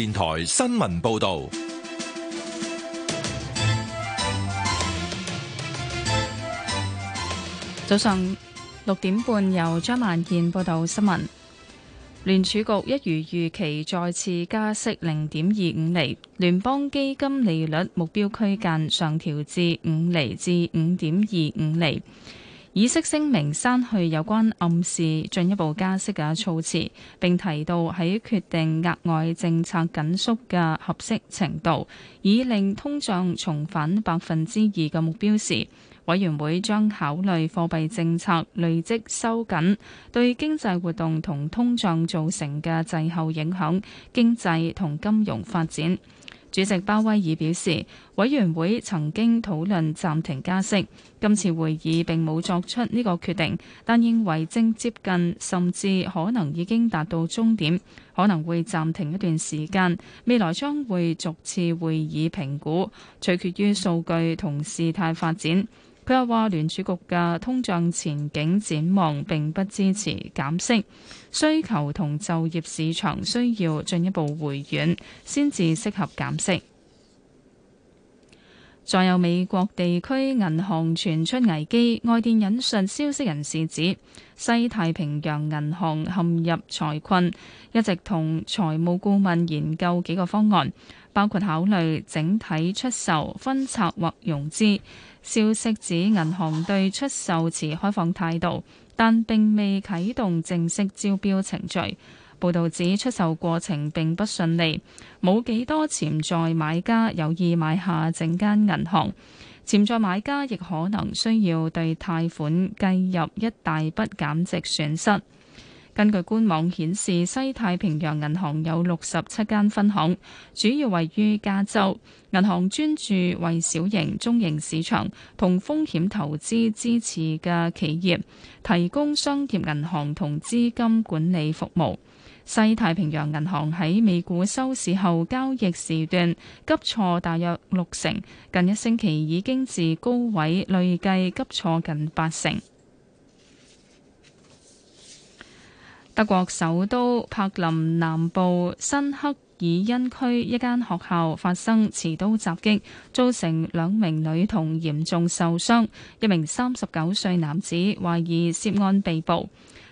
電台新聞報道，早上六點半由張萬健報道新聞。聯儲局一如預期再次加息零點二五厘，聯邦基金利率目標區間上調至五厘至五點二五厘。議息聲明刪去有關暗示進一步加息嘅措辭，並提到喺決定額外政策緊縮嘅合適程度，以令通脹重返百分之二嘅目標時，委員會將考慮貨幣政策累積收緊對經濟活動同通脹造成嘅滯後影響、經濟同金融發展。主席鮑威爾表示，委員會曾經討論暫停加息，今次會議並冇作出呢個決定，但認為正接近甚至可能已經達到終點，可能會暫停一段時間，未來將會逐次會議評估，取決於數據同事態發展。佢又話：聯儲局嘅通脹前景展望並不支持減息，需求同就業市場需要進一步回軟，先至適合減息。再有美國地區銀行傳出危機，外電引述消息人士指，西太平洋銀行陷入財困，一直同財務顧問研究幾個方案，包括考慮整體出售、分拆或融資。消息指銀行對出售持開放態度，但並未啟動正式招標程序。報道指出售過程並不順利，冇幾多潛在買家有意買下整間銀行。潛在買家亦可能需要對貸款計入一大筆減值損失。根據官網顯示，西太平洋銀行有六十七間分行，主要位於加州。銀行專注為小型、中型市場同風險投資支持嘅企業提供商業銀行同資金管理服務。西太平洋銀行喺美股收市後交易時段急挫大約六成，近一星期已經自高位累計急挫近八成。德國首都柏林南部新克爾恩區一間學校發生持刀襲擊，造成兩名女童嚴重受傷，一名三十九歲男子懷疑涉案被捕。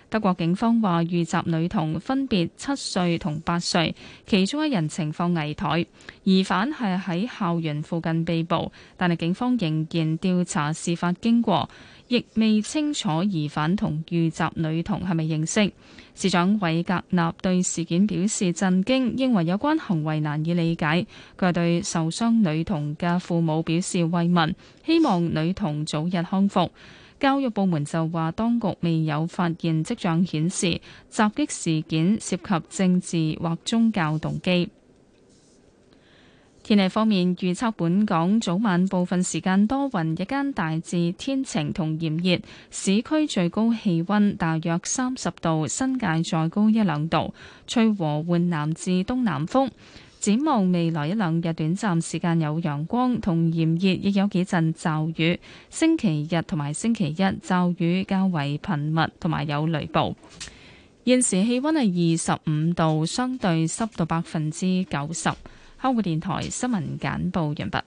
德國警方話遇襲女童分別七歲同八歲，其中一人情況危殆。疑犯係喺校園附近被捕，但係警方仍然調查事發經過，亦未清楚疑犯同遇襲女童係咪認識。市長韋格納對事件表示震驚，認為有關行為難以理解。佢對受傷女童嘅父母表示慰問，希望女童早日康復。教育部門就話，當局未有發現跡象，顯示襲擊事件涉及政治或宗教動機。天氣方面預測，本港早晚部分時間多雲，日間大致天晴同炎熱，市區最高氣温大約三十度，新界再高一兩度，吹和緩南至東南風。展望未來一兩日，短暫時間有陽光同炎熱，亦有幾陣驟雨。星期日同埋星期一驟雨較為頻密，同埋有雷暴。現時氣温係二十五度，相對濕度百分之九十。香港電台新聞簡報完畢。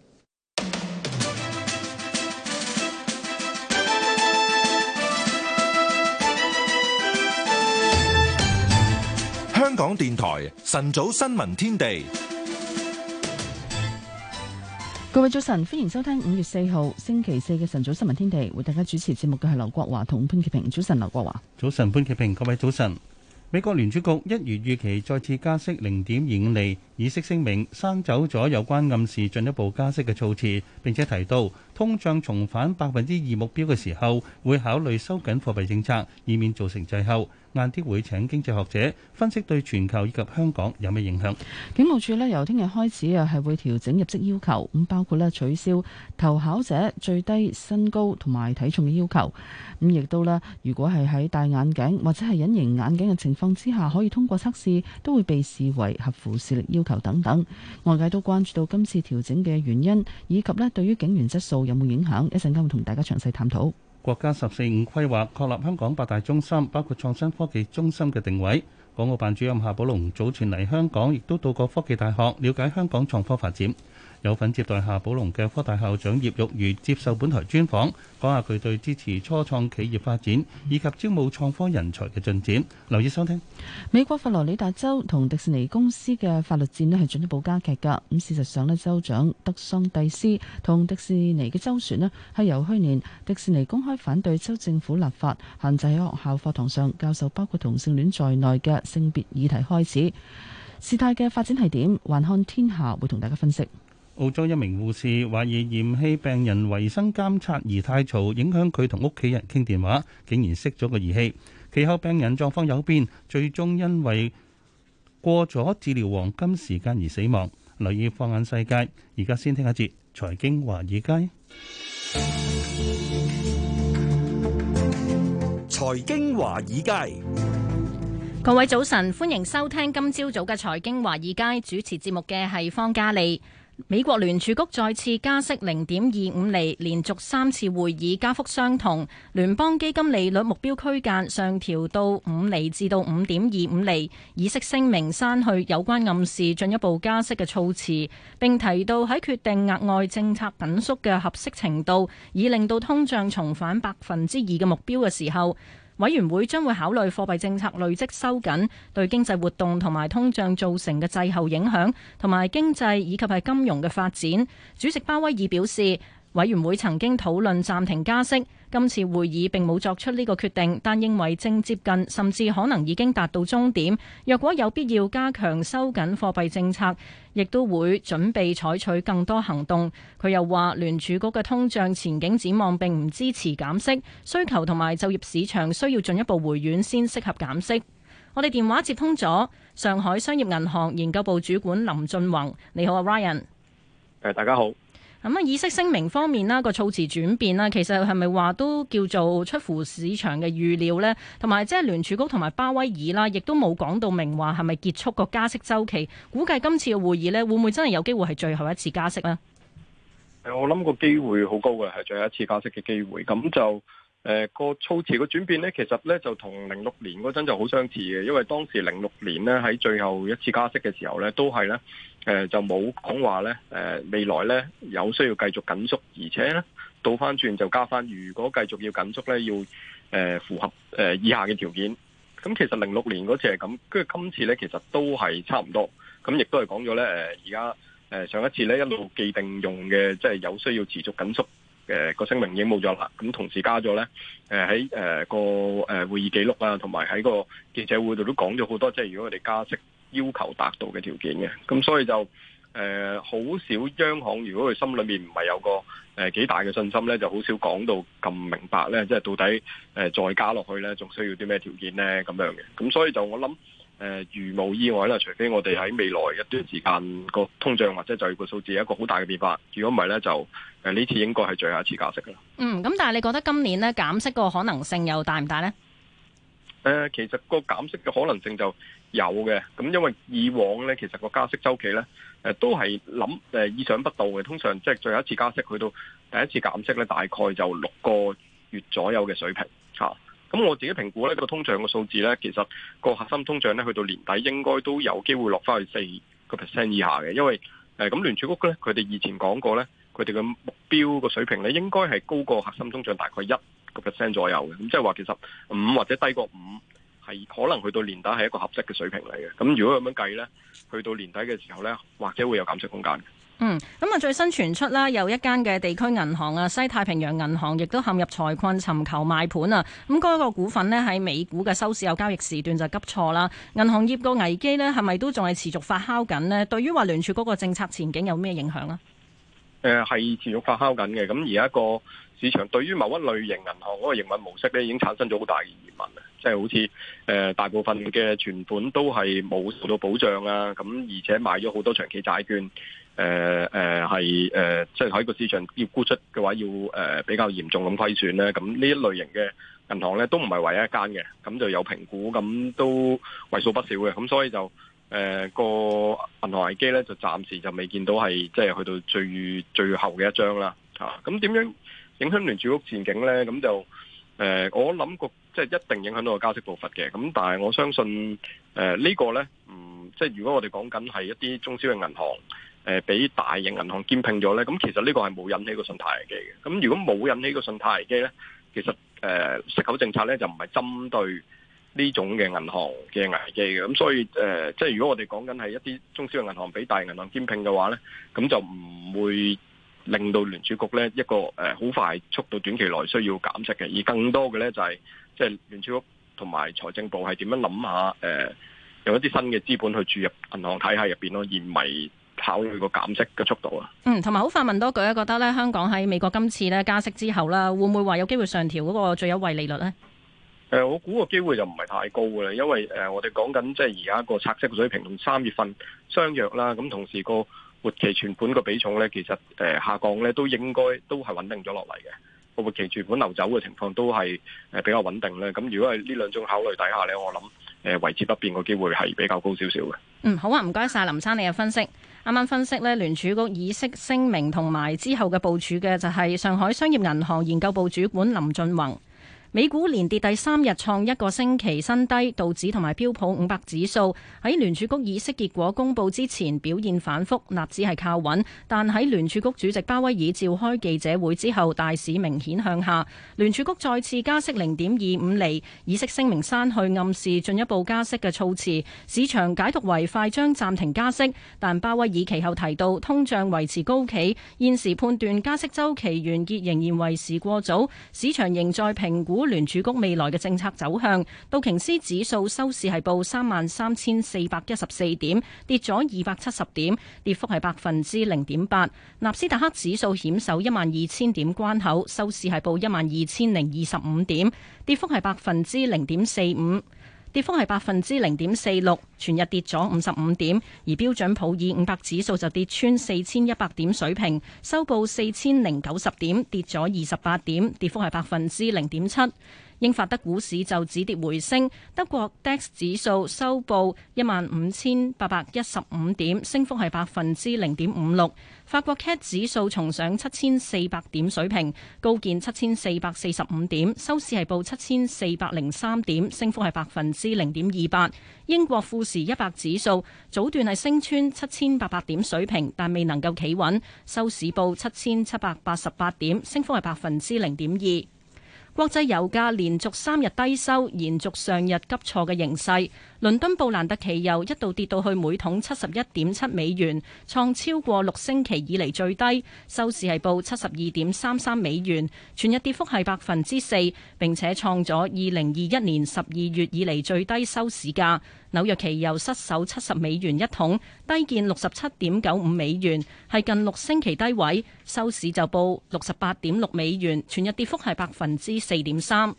港電台晨早新聞天地，各位早晨，歡迎收聽五月四號星期四嘅晨早新聞天地，為大家主持節目嘅係劉國華同潘其平。早晨，劉國華。早晨，潘其平。各位早晨。美國聯儲局一如預期再次加息零點二五厘。議息聲明刪走咗有關暗示進一步加息嘅措辭，並且提到通脹重返百分之二目標嘅時候，會考慮收緊貨幣政策，以免造成滯後。晏啲會請經濟學者分析對全球以及香港有咩影響。警務處咧由聽日開始啊，係會調整入職要求，咁包括咧取消投考者最低身高同埋體重嘅要求，咁亦都啦，如果係喺戴眼鏡或者係隱形眼鏡嘅情況之下，可以通過測試，都會被視為合乎視力要求。等等，外界都關注到今次調整嘅原因，以及呢對於警員質素有冇影響？一陣間會同大家詳細探討。國家十四五規劃確立香港八大中心，包括創新科技中心嘅定位。港澳辦主任夏寶龍早前嚟香港，亦都到過科技大學，了解香港創科發展。有份接待夏寶龍嘅科大校長葉玉如接受本台專訪，講下佢對支持初創企業發展以及招募創科人才嘅進展。留意收聽美國佛羅里達州同迪士尼公司嘅法律戰咧，係進一步加劇噶，咁事實上咧，州長德桑蒂斯同迪士尼嘅周旋咧，係由去年迪士尼公開反對州政府立法限制喺學校課堂上教授包括同性戀在內嘅性別議題開始。事態嘅發展係點？還看天下會同大家分析。澳洲一名護士懷疑嫌棄病人維生監察儀太嘈，影響佢同屋企人傾電話，竟然熄咗個儀器。其後病人狀況有變，最終因為過咗治療黃金時間而死亡。留意放眼世界，而家先聽下節財經華爾街。財經華爾街，各位早晨，歡迎收聽今朝早嘅財經華爾街，主持節目嘅係方嘉利。美國聯儲局再次加息零點二五厘，連續三次會議加幅相同。聯邦基金利率目標區間上調到五厘至到五點二五厘。議息聲明刪去有關暗示進一步加息嘅措辭，並提到喺決定額外政策緊縮嘅合適程度，以令到通脹重返百分之二嘅目標嘅時候。委員會將會考慮貨幣政策累積收緊對經濟活動同埋通脹造成嘅滯後影響，同埋經濟以及係金融嘅發展。主席鮑威爾表示，委員會曾經討論暫停加息。今次會議並冇作出呢個決定，但認為正接近甚至可能已經達到終點。若果有必要加強收緊貨幣政策，亦都會準備採取更多行動。佢又話聯儲局嘅通脹前景展望並唔支持減息，需求同埋就業市場需要進一步回軟先適合減息。我哋電話接通咗上海商業銀行研究部主管林俊宏，你好啊，Ryan。大家好。咁啊！議息聲明方面啦，個措辭轉變啦，其實係咪話都叫做出乎市場嘅預料呢？同埋即係聯儲局同埋鮑威爾啦，亦都冇講到明話係咪結束個加息週期？估計今次嘅會議呢，會唔會真係有機會係最後一次加息呢？我諗個機會好高嘅，係最後一次加息嘅機會。咁就誒個、呃、措辭個轉變呢，其實呢就同零六年嗰陣就好相似嘅，因為當時零六年呢，喺最後一次加息嘅時候呢，都係呢。誒，就冇講話咧。誒，未來咧有需要繼續緊縮，而且呢倒翻轉就加翻。如果繼續要緊縮咧，要誒符合誒以下嘅條件。咁其實零六年嗰次係咁，跟住今次咧，其實都係差唔多。咁亦都係講咗咧，誒而家誒上一次咧一路既定用嘅，即係有需要持續緊縮誒個聲明已經冇咗啦。咁同時加咗咧，誒喺誒個誒會議記錄啊，同埋喺個記者會度都講咗好多，即係如果佢哋加息。要求達到嘅條件嘅，咁所以就誒好、呃、少央行，如果佢心裏面唔係有個誒幾、呃、大嘅信心呢，就好少講到咁明白呢，即係到底誒、呃、再加落去呢，仲需要啲咩條件呢？咁樣嘅。咁所以就我諗、呃、如預無意外咧，除非我哋喺未來一段時間個通脹或者就個數字有一個好大嘅變化，如果唔係呢，就誒呢、呃、次應該係最後一次加息啦。嗯，咁但係你覺得今年呢減息個可能性又大唔大呢？誒、呃，其實個減息嘅可能性就。有嘅，咁因為以往呢，其實個加息週期呢，誒、呃、都係諗誒意想不到嘅。通常即係最後一次加息去到第一次減息呢，大概就六個月左右嘅水平嚇。咁、啊嗯、我自己評估呢、這個通脹個數字呢，其實個核心通脹呢，去到年底應該都有機會落翻去四個 percent 以下嘅，因為誒咁聯儲局呢，佢哋以前講過呢，佢哋嘅目標個水平呢，應該係高過核心通脹大概一個 percent 左右嘅。咁、嗯、即係話其實五或者低過五。係可能去到年底係一個合適嘅水平嚟嘅，咁如果咁樣計呢，去到年底嘅時候呢，或者會有減息空間嘅。嗯，咁啊，最新傳出啦，有一間嘅地區銀行啊，西太平洋銀行亦都陷入財困，尋求賣盤啊。咁、那、嗰個股份呢，喺美股嘅收市有交易時段就急挫啦。銀行業個危機呢，係咪都仲係持續發酵緊呢？對於話聯儲嗰個政策前景有咩影響咧？誒、呃，係持續發酵緊嘅。咁而家個市場對於某一類型銀行嗰個營運模式呢，已經產生咗好大嘅疑問。即係好似誒大部分嘅存款都係冇受到保障啊！咁而且買咗好多長期債券，誒誒係誒，即係喺個市場要沽出嘅話要，要、呃、誒比較嚴重咁虧損咧。咁呢一類型嘅銀行咧，都唔係唯一一間嘅，咁就有評估，咁都為數不少嘅。咁所以就誒個、呃、銀行危機咧，就暫時就未見到係即係去到最最後嘅一張啦。嚇！咁點樣影響聯儲屋前景咧？咁就誒、呃、我諗個。即係一定影響到個加息步伐嘅，咁但係我相信，誒、呃、呢、呢個呢，嗯，即係如果我哋講緊係一啲中小嘅銀行，誒、呃、俾大型銀行兼併咗呢，咁、嗯、其實呢個係冇引起個信貸危機嘅。咁、嗯、如果冇引起個信貸危機呢，其實誒息、呃、口政策呢就唔係針對呢種嘅銀行嘅危機嘅。咁、嗯、所以誒、呃、即係如果我哋講緊係一啲中小嘅銀行俾大型銀行兼併嘅話呢，咁、嗯、就唔會。令到聯儲局咧一個誒好快速度短期內需要減息嘅，而更多嘅咧就係、是、即係聯儲局同埋財政部係點樣諗下誒，用、呃、一啲新嘅資本去注入銀行體系入邊咯，而唔係考慮佢個減息嘅速度啊。嗯，同埋好快問多句啊，覺得咧香港喺美國今次咧加息之後啦，會唔會話有機會上調嗰個最優惠利率咧？誒、呃，我估個機會就唔係太高嘅啦，因為誒、呃、我哋講緊即係而家個拆息水平同三月份相約啦，咁同時個。活期存款嘅比重咧，其實誒、呃、下降咧，都應該都係穩定咗落嚟嘅。個活期存款流走嘅情況都係誒比較穩定咧。咁如果係呢兩種考慮底下咧，我諗誒維持不變嘅機會係比較高少少嘅。嗯，好啊，唔該晒。林生，你嘅分析。啱啱分析咧，聯儲局議息聲明同埋之後嘅部署嘅就係上海商業銀行研究部主管林俊宏。美股連跌第三日，創一個星期新低。道指同埋標普五百指數喺聯儲局議息結果公佈之前表現反覆，納指係靠穩，但喺聯儲局主席鮑威爾召開記者會之後，大市明顯向下。聯儲局再次加息零點二五厘，議息聲明刪去暗示進一步加息嘅措辭，市場解讀為快將暫停加息。但鮑威爾其後提到通脹維持高企，現時判斷加息週期，期完結仍然為時過早，市場仍在評估。聯儲局未來嘅政策走向，道瓊斯指數收市係報三萬三千四百一十四點，跌咗二百七十點，跌幅係百分之零點八。納斯達克指數險守一萬二千點關口，收市係報一萬二千零二十五點，跌幅係百分之零點四五。跌幅係百分之零點四六，全日跌咗五十五點，而標準普爾五百指數就跌穿四千一百點水平，收報四千零九十點，跌咗二十八點，跌幅係百分之零點七。英法德股市就止跌回升，德國 DAX 指數收報一萬五千八百一十五點，升幅係百分之零點五六。法國 CAC 指數重上七千四百點水平，高見七千四百四十五點，收市係報七千四百零三點，升幅係百分之零點二八。英國富時一百指數早段係升穿七千八百點水平，但未能夠企穩，收市報七千七百八十八點，升幅係百分之零點二。國際油價連續三日低收，延續上日急挫嘅形勢。倫敦布蘭特期油一度跌到去每桶七十一點七美元，創超過六星期以嚟最低，收市係報七十二點三三美元，全日跌幅係百分之四，並且創咗二零二一年十二月以嚟最低收市價。紐約期油失守七十美元一桶，低見六十七點九五美元，係近六星期低位，收市就報六十八點六美元，全日跌幅係百分之四點三。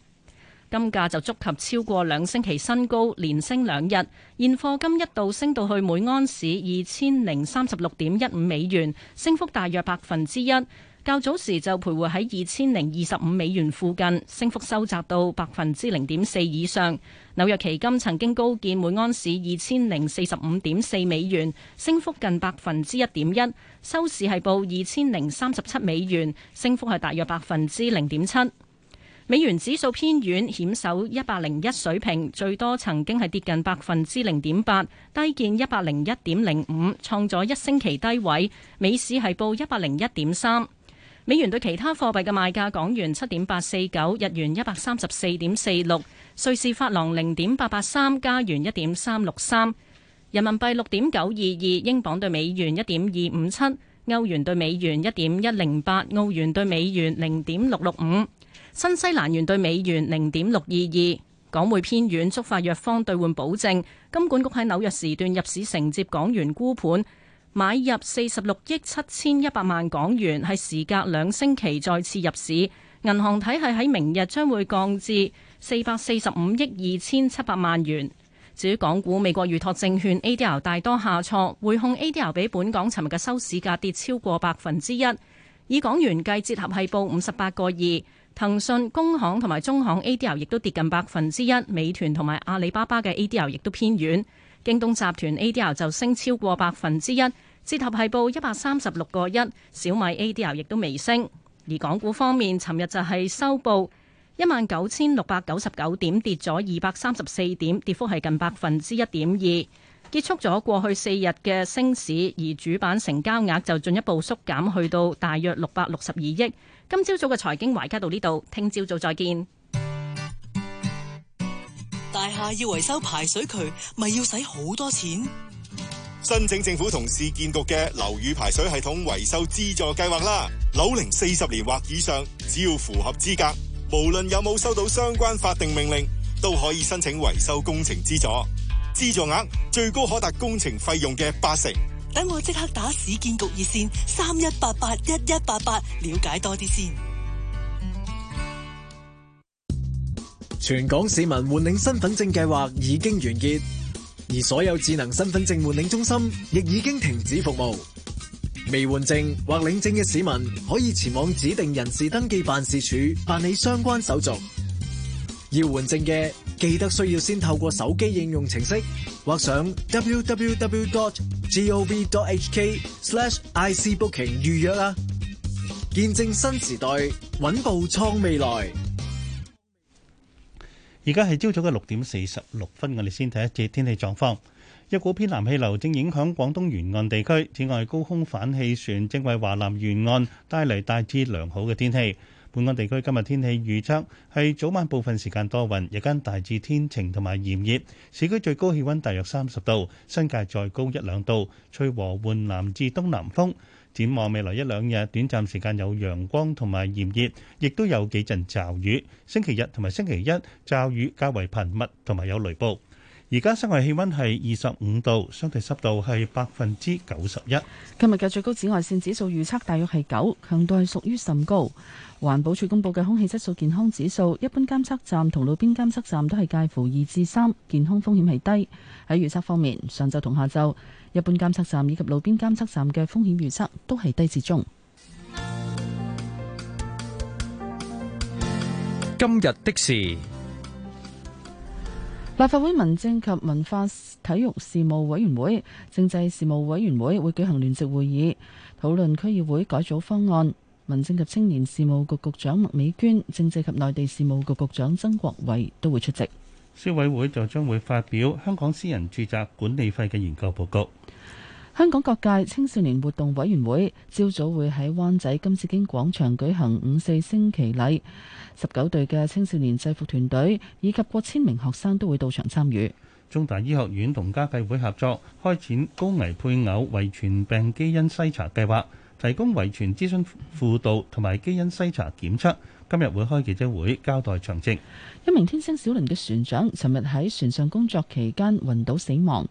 金價就觸及超過兩星期新高，連升兩日。現貨金一度升到去每安士二千零三十六點一五美元，升幅大約百分之一。較早時就徘徊喺二千零二十五美元附近，升幅收窄到百分之零點四以上。紐約期金曾經高見每安士二千零四十五點四美元，升幅近百分之一點一。收市係報二千零三十七美元，升幅係大約百分之零點七。美元指數偏軟，險守一百零一水平，最多曾經係跌近百分之零點八，低見一百零一點零五，創咗一星期低位。美市係報一百零一點三。美元對其他貨幣嘅賣價：港元七點八四九，日元一百三十四點四六，瑞士法郎零點八八三，加元一點三六三，人民幣六點九二二，英鎊對美元一點二五七，歐元對美元一點一零八，澳元對美元零點六六五。新西蘭元對美元零點六二二，港匯偏軟，觸發弱方兌換保證。金管局喺紐約時段入市承接港元沽盤，買入四十六億七千一百萬港元，係時隔兩星期再次入市。銀行體系喺明日將會降至四百四十五億二千七百萬元。至於港股，美國預託證券 ADR 大多下挫，匯控 ADR 比本港尋日嘅收市價跌超過百分之一，以港元計，折合係報五十八個二。騰訊、工行同埋中行 ADR 亦都跌近百分之一，美團同埋阿里巴巴嘅 ADR 亦都偏軟，京東集團 ADR 就升超過百分之一，折合係報一百三十六個一，小米 ADR 亦都微升。而港股方面，尋日就係收報一萬九千六百九十九點，跌咗二百三十四點，跌幅係近百分之一點二，結束咗過去四日嘅升市，而主板成交額就進一步縮減去到大約六百六十二億。今朝早嘅財經懷家到呢度，聽朝早再見。大廈要維修排水渠，咪要使好多錢？申請政府同市建局嘅樓宇排水系統維修資助計劃啦。樓齡四十年或以上，只要符合資格，無論有冇收到相關法定命令，都可以申請維修工程資助。資助額最高可達工程費用嘅八成。等我即刻打市建局熱線三一八八一一八八了解多啲先。全港市民換領身份證計劃已經完結，而所有智能身份證換領中心亦已經停止服務。未換證或領證嘅市民可以前往指定人事登記辦事處辦理相關手續。要換證嘅。記得需要先透過手機應用程式或上 w w w dot g o v dot h k slash i c booking 預約啦。見證新時代，穩步創未來。而家係朝早嘅六點四十六分，我哋先睇一節天氣狀況。一股偏南氣流正影響廣東沿岸地區，此外高空反氣旋正為華南沿岸帶嚟大致良好嘅天氣。本港地區今日天氣預測係早晚部分時間多雲，日間大致天晴同埋炎熱。市區最高氣溫大約三十度，新界再高一兩度。吹和緩南至東南風。展望未來一兩日，短暫時間有陽光同埋炎熱，亦都有幾陣驟雨。星期日同埋星期一驟雨較為頻密，同埋有雷暴。而家室外氣溫係二十五度，相對濕度係百分之九十一。今日嘅最高紫外線指數預測大約係九，強度係屬於甚高。環保署公布嘅空氣質素健康指數，一般監測站同路邊監測站都係介乎二至三，健康風險係低。喺預測方面，上晝同下晝一般監測站以及路邊監測站嘅風險預測都係低至中。今日的時。立法會民政及文化體育事務委員會、政制事務委員會會舉行聯席會議，討論區議會改組方案。民政及青年事務局局長麥美娟、政制及內地事務局局長曾國衞都會出席。消委會就將會發表香港私人住宅管理費嘅研究報告。香港各界青少年活動委員會朝早會喺灣仔金紫荊廣場舉行五四升旗禮，十九隊嘅青少年制服團隊以及過千名學生都會到場參與。中大醫學院同家計會合作開展高危配偶遺傳病基因篩查計劃，提供遺傳諮詢輔導同埋基因篩查檢測。今日會開記者會交代詳情。一名天星小輪嘅船長尋日喺船上工作期間暈倒死亡。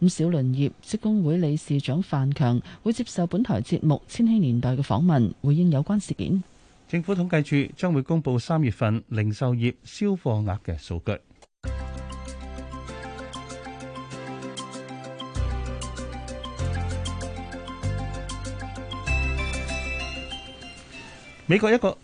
咁小輪業職工會理事長范強會接受本台節目《千禧年代》嘅訪問，回應有關事件。政府統計處將會公布三月份零售業銷貨額嘅數據。美國一個。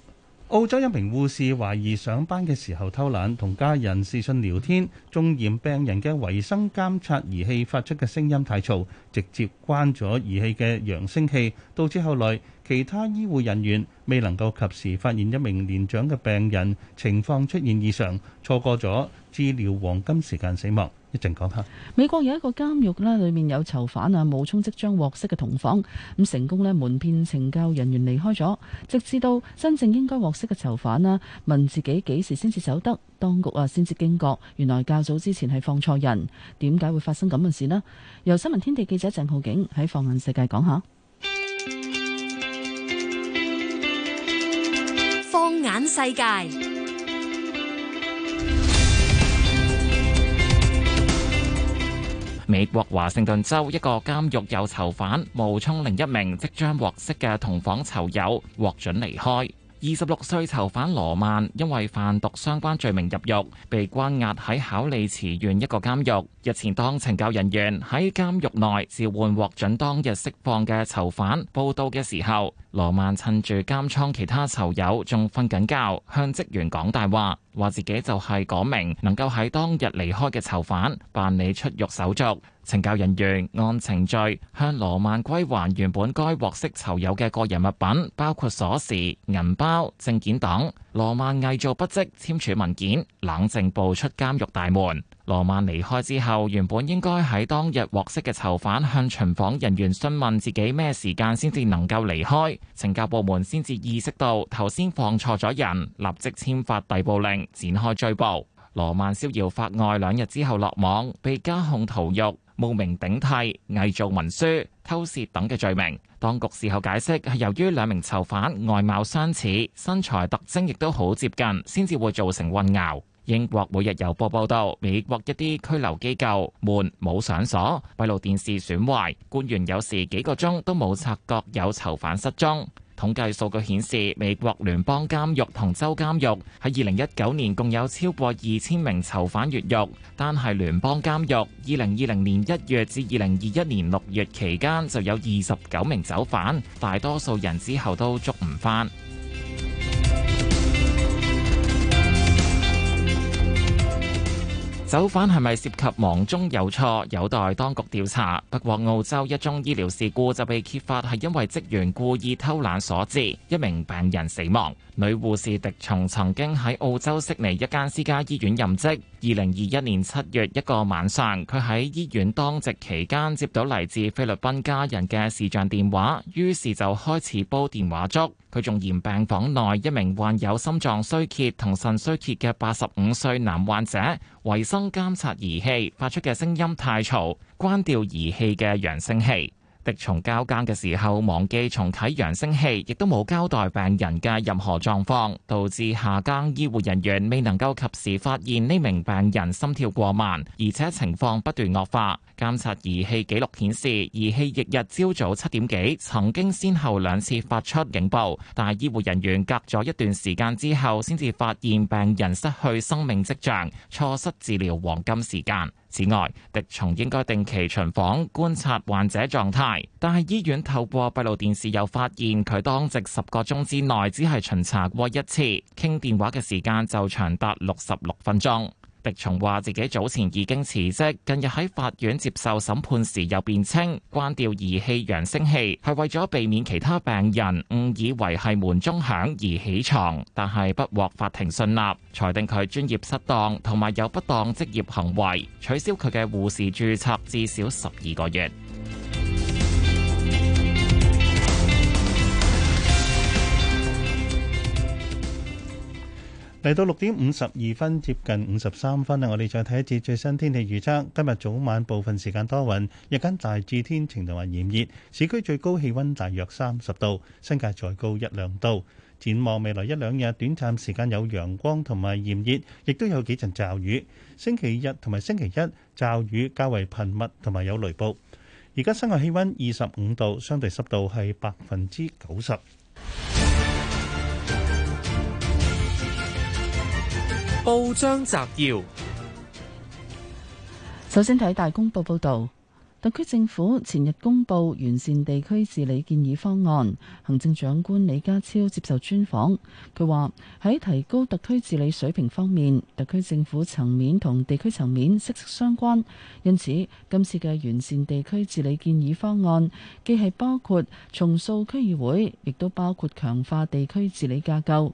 澳洲一名護士懷疑上班嘅時候偷懶，同家人視訊聊天，仲嫌病人嘅衞生監測儀器發出嘅聲音太嘈，直接關咗儀器嘅揚聲器，導致後來其他醫護人員未能夠及時發現一名年長嘅病人情況出現異常，錯過咗治療黃金時間死亡。一陣講下。美國有一個監獄咧，裏面有囚犯啊，冒充即將獲釋嘅同房咁成功咧瞞騙懲教人員離開咗，直至到真正應該獲釋嘅囚犯啊，問自己幾時先至走得，當局啊先至驚覺，原來較早之前係放錯人，點解會發生咁嘅事咧？由新聞天地記者鄭浩景喺放眼世界講下。放眼世界。美國華盛頓州一個監獄有囚犯冒充另一名即將獲釋嘅同房囚友獲准離開。二十六歲囚犯羅曼因為販毒相關罪名入獄，被關押喺考利慈縣一個監獄。日前當懲教人員喺監獄內召喚獲准當日釋放嘅囚犯報到嘅時候。羅曼趁住監倉其他囚友仲瞓緊覺，向職員講大話，話自己就係嗰名能夠喺當日離開嘅囚犯，辦理出獄手續。懲教人員按程序向羅曼歸還原本該獲釋囚友嘅個人物品，包括鎖匙、銀包、證件等。羅曼偽造筆跡簽署文件，冷靜步出監獄大門。羅曼離開之後，原本應該喺當日獲釋嘅囚犯向巡訪人員詢問自己咩時間先至能夠離開，懲教部門先至意識到頭先放錯咗人，立即簽發逮捕令展開追捕。羅曼逍遙法外兩日之後落網，被加控逃獄、冒名頂替、偽造文書、偷竊等嘅罪名。當局事後解釋係由於兩名囚犯外貌相似、身材特徵亦都好接近，先至會造成混淆。英國每日郵報報導，美國一啲拘留機構門冇上鎖，閉路電視損壞，官員有時幾個鐘都冇察覺有囚犯失蹤。統計數據顯示，美國聯邦監獄同州監獄喺2019年共有超過2000名囚犯越獄，單係聯邦監獄，2020年1月至2021年6月期間就有29名走犯，大多數人之後都捉唔翻。走犯係咪涉及忙中有錯，有待當局調查。不過澳洲一宗醫療事故就被揭發係因為職員故意偷懶所致，一名病人死亡。女護士迪松曾經喺澳洲悉尼一間私家醫院任職。二零二一年七月一個晚上，佢喺醫院當值期間接到嚟自菲律賓家人嘅視像電話，於是就開始煲電話粥。佢仲嫌病房內一名患有心臟衰竭同腎衰竭嘅八十五歲男患者維生監察儀器發出嘅聲音太嘈，關掉儀器嘅揚聲器。從交更嘅時候忘記重啟揚聲器，亦都冇交代病人嘅任何狀況，導致下更醫護人員未能夠及時發現呢名病人心跳過慢，而且情況不斷惡化。監察儀器記錄顯示，儀器翌日朝早七點幾曾經先後兩次發出警報，但係醫護人員隔咗一段時間之後，先至發現病人失去生命跡象，錯失治療黃金時間。此外，迪松應該定期巡房觀察患者狀態，但係醫院透過閉路電視又發現佢當值十個鐘之內只係巡查過一次，傾電話嘅時間就長達六十六分鐘。狄松話自己早前已經辭職，近日喺法院接受審判時又辯稱，關掉儀器揚聲器係為咗避免其他病人誤以為係門鐘響而起床，但係不獲法庭信納，裁定佢專業失當同埋有不當職業行為，取消佢嘅護士註冊至少十二個月。嚟到六點五十二分，接近五十三分啦。我哋再睇一次最新天氣預測。今日早晚部分時間多雲，日間大致天晴同埋炎熱。市區最高氣溫大約三十度，新界再高一兩度。展望未來一兩日，短暫時間有陽光同埋炎熱，亦都有幾陣驟雨。星期日同埋星期一驟雨較為頻密，同埋有雷暴。而家室外氣溫二十五度，相對濕度係百分之九十。報章摘要：首先睇大公報報道，特區政府前日公布完善地區治理建議方案，行政長官李家超接受專訪，佢話喺提高特區治理水平方面，特區政府層面同地區層面息息相關，因此今次嘅完善地區治理建議方案，既係包括重塑區議會，亦都包括強化地區治理架構。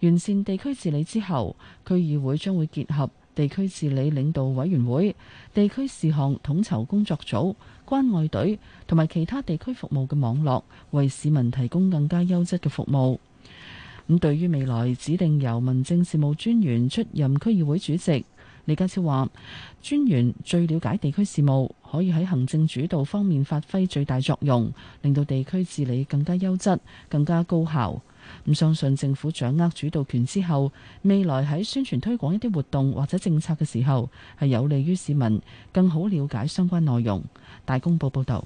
完善地區治理之後，區議會將會結合地區治理領導委員會、地區事項統籌工作組、關愛隊同埋其他地區服務嘅網絡，為市民提供更加優質嘅服務。咁對於未來指定由民政事務專員出任區議會主席，李家超話：專員最了解地區事務，可以喺行政主導方面發揮最大作用，令到地區治理更加優質、更加高效。唔相信政府掌握主導權之後，未來喺宣傳推廣一啲活動或者政策嘅時候，係有利於市民更好了解相關內容。大公報報道、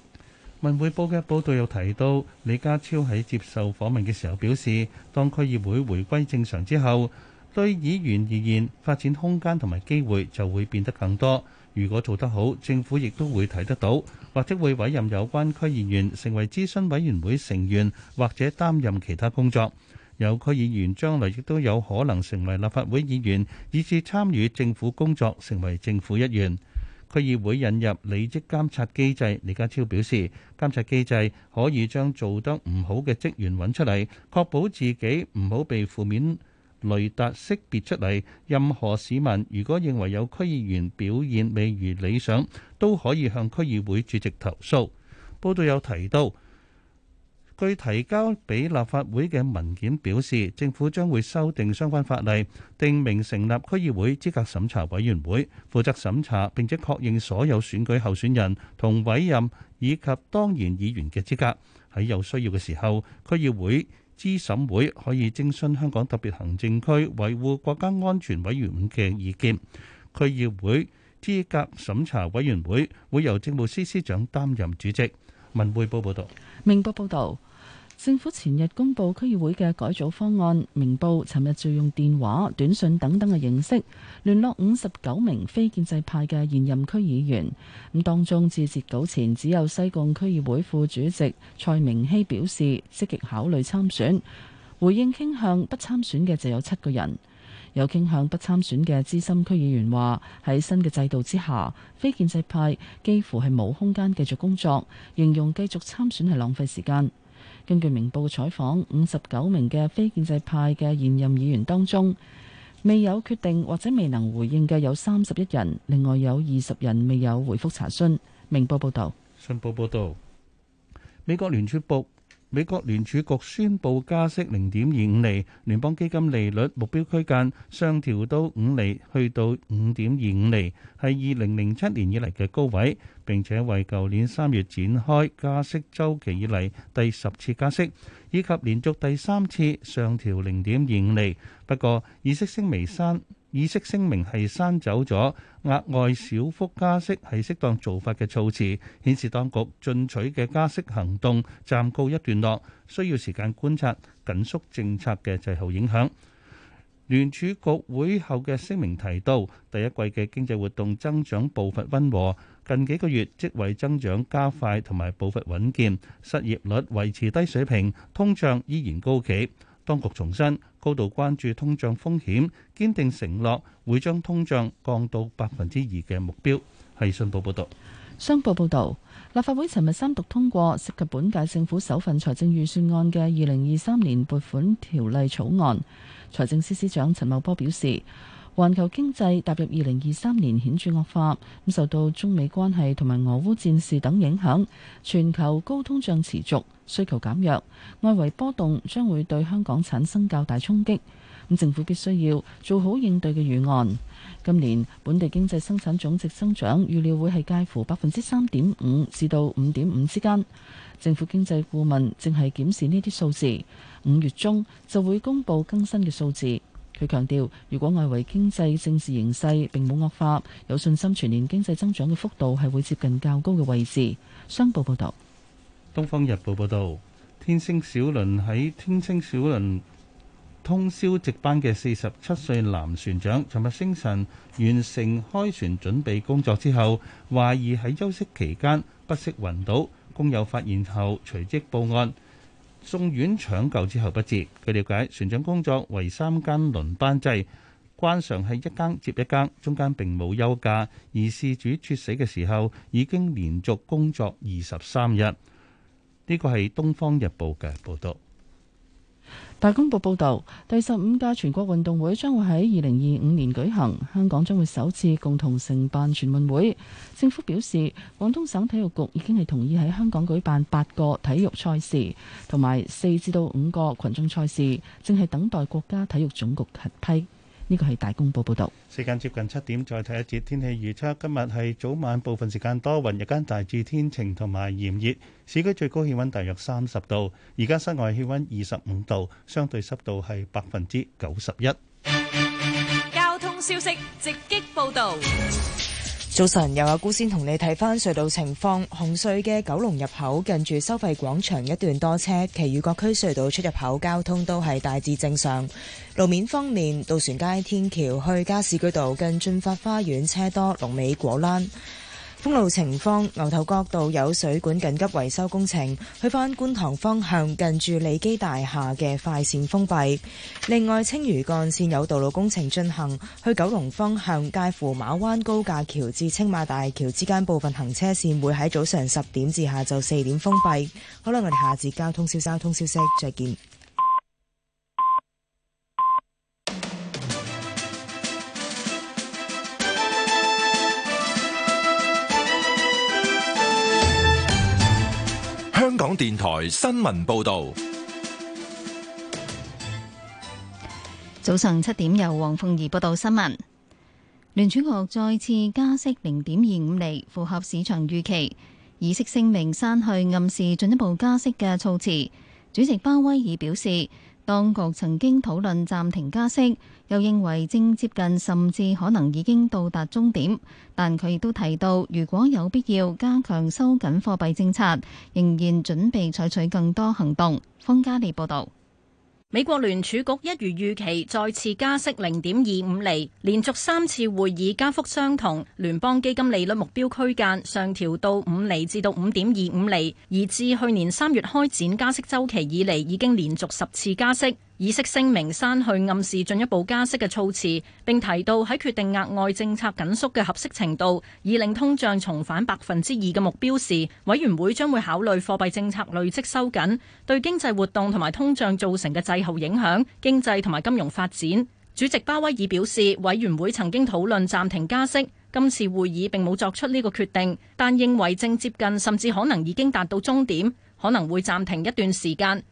文匯報嘅報道又提到，李家超喺接受訪問嘅時候表示，當區議會回歸正常之後，對議員而言，發展空間同埋機會就會變得更多。如果做得好，政府亦都會睇得到，或者會委任有關區議員成為諮詢委員會成員或者擔任其他工作。有區議員將來亦都有可能成為立法會議員，以至參與政府工作，成為政府一員。區議會引入履職監察機制，李家超表示，監察機制可以將做得唔好嘅職員揾出嚟，確保自己唔好被負面雷達識別出嚟。任何市民如果認為有區議員表現未如理想，都可以向區議會主席投訴。報道有提到。據提交俾立法會嘅文件表示，政府將會修訂相關法例，定名成立區議會資格審查委員會，負責審查並且確認所有選舉候選人同委任以及當然議員嘅資格。喺有需要嘅時候，區議會資審會可以徵詢香港特別行政區維護國家安全委員會嘅意見。區議會資格審查委員會會由政務司司長擔任主席。文匯報報道。明報報導。政府前日公布區議會嘅改組方案，明報尋日就用電話短信等等嘅形式聯絡五十九名非建制派嘅現任區議員，咁當中至截稿前只有西貢區議會副主席蔡明熙表示積極考慮參選，回應傾向不參選嘅就有七個人。有傾向不參選嘅資深區議員話喺新嘅制度之下，非建制派幾乎係冇空間繼續工作，形容繼續參選係浪費時間。根據明報嘅採訪，五十九名嘅非建制派嘅現任議員當中，未有決定或者未能回應嘅有三十一人，另外有二十人未有回覆查詢。明報報道。信報報導，美國聯儲局。美國聯儲局宣布加息零點二五厘，聯邦基金利率目標區間上調到五厘，去到五點二五厘，係二零零七年以嚟嘅高位，並且為舊年三月展開加息週期以嚟第十次加息，以及連續第三次上調零點二五厘。不過，意識升微山。意識聲明係刪走咗，額外小幅加息係適當做法嘅措辭，顯示當局進取嘅加息行動暫告一段落，需要時間觀察緊縮政策嘅滯後影響。聯儲局會後嘅聲明提到，第一季嘅經濟活動增長步伐溫和，近幾個月職位增長加快同埋步伐穩健，失業率維持低水平，通脹依然高企。當局重申。高度關注通脹風險，堅定承諾會將通脹降到百分之二嘅目標。係信報報導。商報報導，立法會尋日三讀通過涉及本屆政府首份財政預算案嘅二零二三年撥款條例草案。財政司司長陳茂波表示。環球經濟踏入二零二三年顯著惡化，咁受到中美關係同埋俄烏戰事等影響，全球高通脹持續，需求減弱，外圍波動將會對香港產生較大衝擊，咁政府必須要做好應對嘅預案。今年本地經濟生產總值增長預料會係介乎百分之三點五至到五點五之間，政府經濟顧問正係檢視呢啲數字，五月中就會公布更新嘅數字。佢強調，如果外圍經濟政治形勢並冇惡化，有信心全年經濟增長嘅幅度係會接近較高嘅位置。商報報導，《東方日報》報道，天星小輪喺天星小輪通宵值班嘅四十七歲男船長，尋日清晨完成開船準備工作之後，懷疑喺休息期間不適暈倒，工友發現後隨即報案。送院搶救之後不治。據了解，船長工作為三間輪班制，慣常係一間接一間，中間並冇休假。而事主猝死嘅時候，已經連續工作二十三日。呢個係《東方日報》嘅報道。大公報報導，第十五屆全國運動會將會喺二零二五年舉行，香港將會首次共同承辦全運會。政府表示，廣東省體育局已經係同意喺香港舉辦八個體育賽事，同埋四至到五個群眾賽事，正係等待國家體育總局核批。呢個係大公報報道。時間接近七點，再睇一節天氣預測。今日係早晚部分時間多雲，日間大致天晴同埋炎熱。市區最高氣溫大約三十度，而家室外氣溫二十五度，相對濕度係百分之九十一。交通消息直擊報道。早晨，由阿姑先同你睇返隧道情況。紅隧嘅九龍入口近住收費廣場一段多車，其餘各區隧道出入口交通都係大致正常。路面方面，渡船街天橋去加士居道近駿發花園車多，龍尾果欄。封路情況，牛頭角道有水管緊急維修工程；去翻觀塘方向，近住利基大廈嘅快綫封閉。另外，青嶼幹綫有道路工程進行，去九龍方向介乎馬灣高架橋至青馬大橋之間部分行車綫會喺早上十點至下晝四點封閉。好啦，我哋下節交通消交通消息，通消息再見。香港電台新聞報道，早上七點由黃鳳儀報道新聞。聯儲局再次加息零點二五厘，符合市場預期。議息聲明刪去暗示進一步加息嘅措辭。主席鮑威爾表示，當局曾經討論暫停加息，又認為正接近甚至可能已經到達終點，但佢亦都提到，如果有必要加強收緊貨幣政策，仍然準備採取更多行動。方家利報導。美國聯儲局一如預期再次加息零點二五厘，連續三次會議加幅相同，聯邦基金利率目標區間上調到五厘至到五點二五厘，而至去年三月開展加息週期以嚟，已經連續十次加息。議息聲明刪去暗示進一步加息嘅措辭，並提到喺決定額外政策緊縮嘅合適程度，以令通脹重返百分之二嘅目標時，委員會將會考慮貨幣政策累積收緊對經濟活動同埋通脹造成嘅滯後影響、經濟同埋金融發展。主席鮑威爾表示，委員會曾經討論暫停加息，今次會議並冇作出呢個決定，但認為正接近甚至可能已經達到終點，可能會暫停一段時間。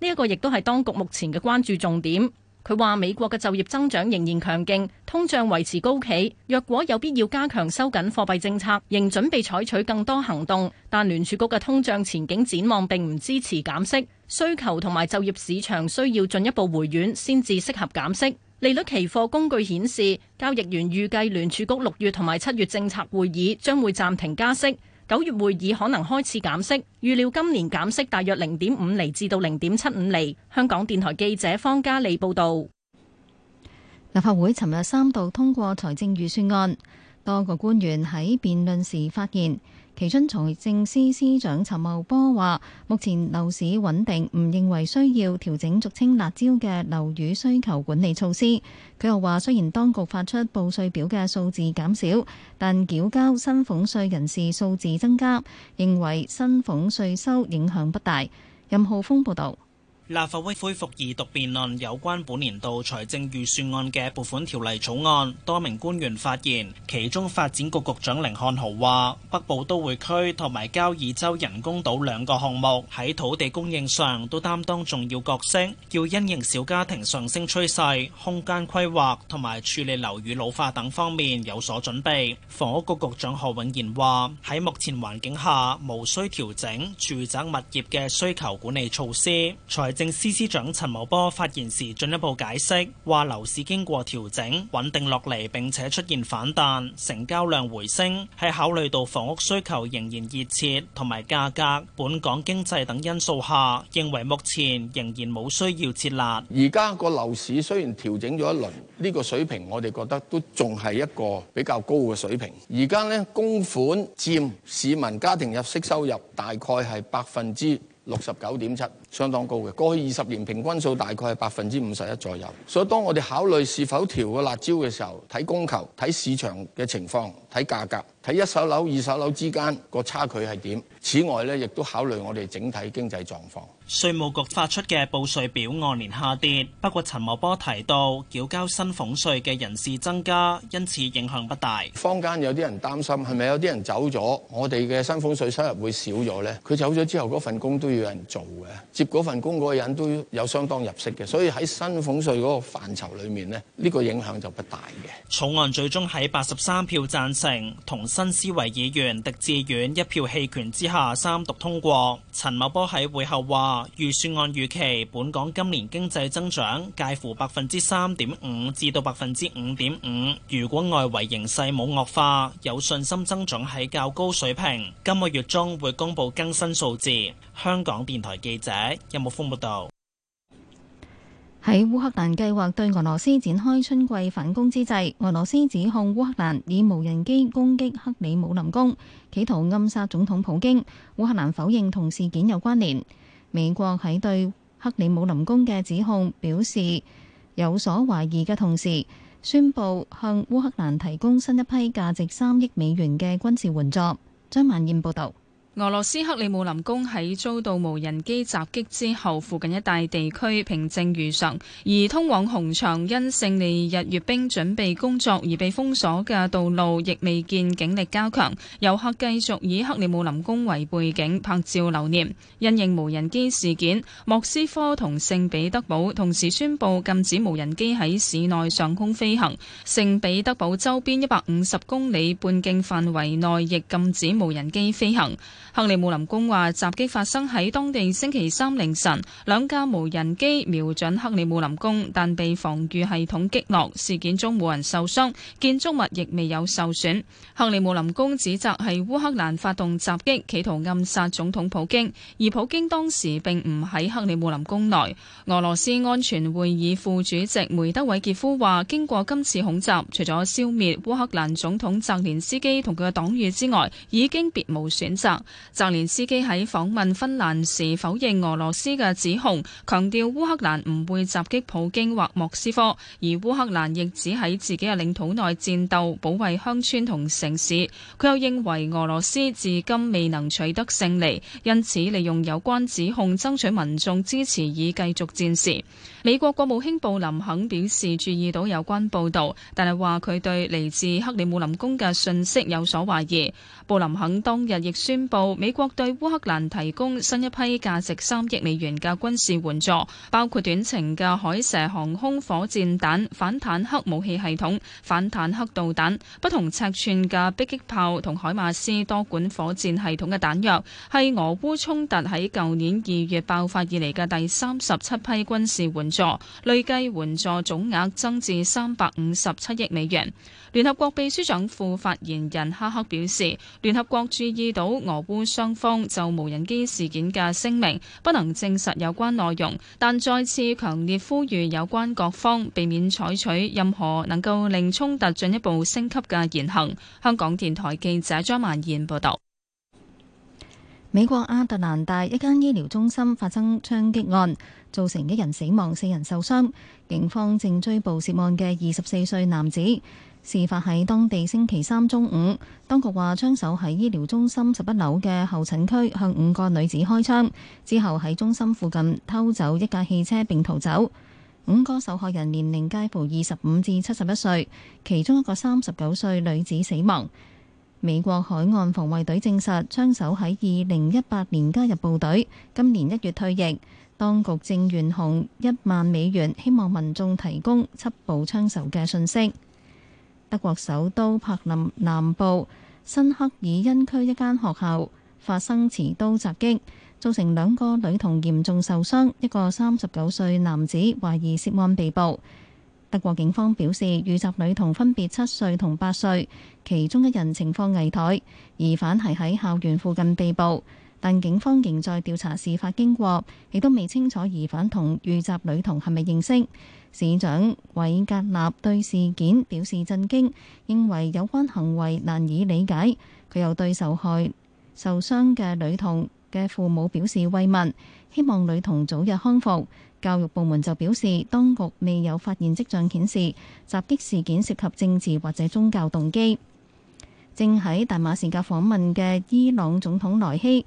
呢一個亦都係當局目前嘅關注重點。佢話美國嘅就業增長仍然強勁，通脹維持高企。若果有必要加強收緊貨幣政策，仍準備採取更多行動。但聯儲局嘅通脹前景展望並唔支持減息。需求同埋就業市場需要進一步回軟先至適合減息。利率期貨工具顯示，交易員預計聯儲局六月同埋七月政策會議將會暫停加息。九月會議可能開始減息，預料今年減息大約零點五厘至到零點七五厘。香港電台記者方嘉利報導。立法會尋日三度通過財政預算案，多個官員喺辯論時發言。其中財政司司長陳茂波話：目前樓市穩定，唔認為需要調整俗稱辣椒嘅樓宇需求管理措施。佢又話：雖然當局發出報稅表嘅數字減少，但繳交薪俸稅人士數字增加，認為薪俸稅收影響不大。任浩峰報導。立法會恢復二讀辯論有關本年度財政預算案嘅撥款條例草案，多名官員發言。其中發展局局長甯漢豪話：北部都會區同埋交椅洲人工島兩個項目喺土地供應上都擔當重要角色，要因應小家庭上升趨勢、空間規劃同埋處理樓宇老化等方面有所準備。房屋局局長何永賢話：喺目前環境下，無需調整住宅物業嘅需求管理措施。財政司司長陳茂波發言時進一步解釋，話樓市經過調整穩定落嚟，並且出現反彈，成交量回升，喺考慮到房屋需求仍然熱切，同埋價格、本港經濟等因素下，認為目前仍然冇需要設立。而家個樓市雖然調整咗一輪，呢個水平我哋覺得都仲係一個比較高嘅水平。而家呢，供款占市民家庭入息收入大概係百分之六十九點七。相當高嘅，過去二十年平均數大概係百分之五十一左右。所以當我哋考慮是否調個辣椒嘅時候，睇供求、睇市場嘅情況、睇價格、睇一手樓、二手樓之間個差距係點。此外呢，亦都考慮我哋整體經濟狀況。稅務局發出嘅報稅表按年下跌，不過陳茂波提到繳交薪俸稅嘅人士增加，因此影響不大。坊間有啲人擔心係咪有啲人走咗，我哋嘅薪俸稅收入會少咗呢？佢走咗之後，嗰份工都要有人做嘅。嗰份工，嗰個人都有相當入息嘅，所以喺薪俸稅嗰個範疇裏面咧，呢個影響就不大嘅。草案最終喺八十三票贊成，同新思維議員狄志遠一票棄權之下三讀通過。陳茂波喺會後話：預算案預期本港今年經濟增長介乎百分之三點五至到百分之五點五，如果外圍形勢冇惡化，有信心增長喺較高水平。今個月中會公布更新數字。香港電台記者。有冇峰報道：喺烏克蘭計劃對俄羅斯展開春季反攻之際，俄羅斯指控烏克蘭以無人機攻擊克里姆林宮，企圖暗殺總統普京。烏克蘭否認同事件有關聯。美國喺對克里姆林宮嘅指控表示有所懷疑嘅同時，宣布向烏克蘭提供新一批價值三億美元嘅軍事援助。張萬燕報道。俄羅斯克里姆林宮喺遭到無人機襲擊之後，附近一帶地區平靜如常，而通往紅場因勝利日閱兵準備工作而被封鎖嘅道路亦未見警力加強。遊客繼續以克里姆林宮為背景拍照留念。因應無人機事件，莫斯科同聖彼得堡同時宣布禁止無人機喺市內上空飛行，聖彼得堡周邊一百五十公里半徑範圍內亦禁止無人機飛行。克里姆林宮話，襲擊發生喺當地星期三凌晨，兩架無人機瞄準克里姆林宮，但被防禦系統擊落。事件中冇人受傷，建築物亦未有受損。克里姆林宮指責係烏克蘭發動襲擊，企圖暗殺總統普京，而普京當時並唔喺克里姆林宮內。俄羅斯安全會議副主席梅德韋傑夫話，經過今次恐襲，除咗消滅烏克蘭總統澤連斯基同佢嘅黨羽之外，已經別無選擇。澤連斯基喺訪問芬蘭時否認俄羅斯嘅指控，強調烏克蘭唔會襲擊普京或莫斯科，而烏克蘭亦只喺自己嘅領土內戰鬥，保衛鄉村同城市。佢又認為俄羅斯至今未能取得勝利，因此利用有關指控爭取民眾支持以繼續戰事。美國國務卿布林肯表示注意到有關報道，但係話佢對嚟自克里姆林宮嘅信息有所懷疑。布林肯當日亦宣布。美國對烏克蘭提供新一批價值三億美元嘅軍事援助，包括短程嘅海蛇航空火箭彈、反坦克武器系統、反坦克導彈、不同尺寸嘅迫擊炮同海馬斯多管火箭系統嘅彈藥，係俄烏衝突喺舊年二月爆發以嚟嘅第三十七批軍事援助，累計援助總額增至三百五十七億美元。聯合國秘書長副發言人哈克表示，聯合國注意到俄烏雙方就無人機事件嘅聲明不能證實有關內容，但再次強烈呼籲有關各方避免採取任何能夠令衝突進一步升級嘅言行。香港電台記者張曼燕報道。美國亞特蘭大一間醫療中心發生槍擊案，造成一人死亡、四人受傷，警方正追捕涉案嘅二十四歲男子。事發喺當地星期三中午，當局話槍手喺醫療中心十一樓嘅候診區向五個女子開槍，之後喺中心附近偷走一架汽車並逃走。五個受害人年齡介乎二十五至七十一歲，其中一個三十九歲女子死亡。美國海岸防衛隊證實槍手喺二零一八年加入部隊，今年一月退役。當局正懸紅一萬美元，希望民眾提供緝捕槍手嘅信息。德國首都柏林南部新克爾恩區一間學校發生持刀襲擊，造成兩個女童嚴重受傷，一個三十九歲男子懷疑涉案被捕。德國警方表示，遇襲女童分別七歲同八歲，其中一人情況危殆，疑犯係喺校園附近被捕。但警方仍在調查事發經過，亦都未清楚疑犯同遇襲女童係咪認識。市長韋格納對事件表示震驚，認為有關行為難以理解。佢又對受害受傷嘅女童嘅父母表示慰問，希望女童早日康復。教育部門就表示，當局未有發現跡象顯示襲擊事件涉及政治或者宗教動機。正喺大馬士革訪問嘅伊朗總統萊希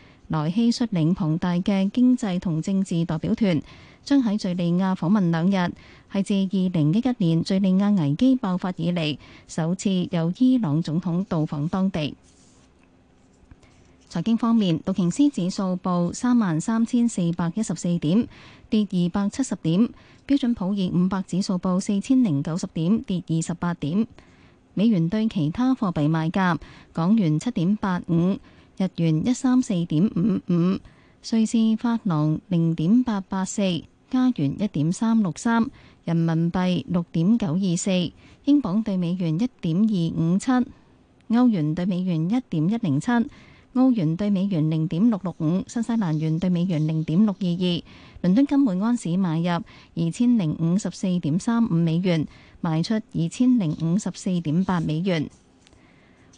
萊希率領龐大嘅經濟同政治代表團，將喺敘利亞訪問兩日，係自二零一一年敘利亞危機爆發以嚟，首次由伊朗總統到訪當地。財經方面，道瓊斯指數報三萬三千四百一十四點，跌二百七十點；標準普爾五百指數報四千零九十點，跌二十八點。美元對其他貨幣賣價，港元七點八五。日元一三四點五五，瑞士法郎零點八八四，加元一點三六三，人民幣六點九二四，英鎊對美元一點二五七，歐元對美元一點一零七，澳元對美元零點六六五，新西蘭元對美元零點六二二。倫敦金每安士買入二千零五十四點三五美元，賣出二千零五十四點八美元。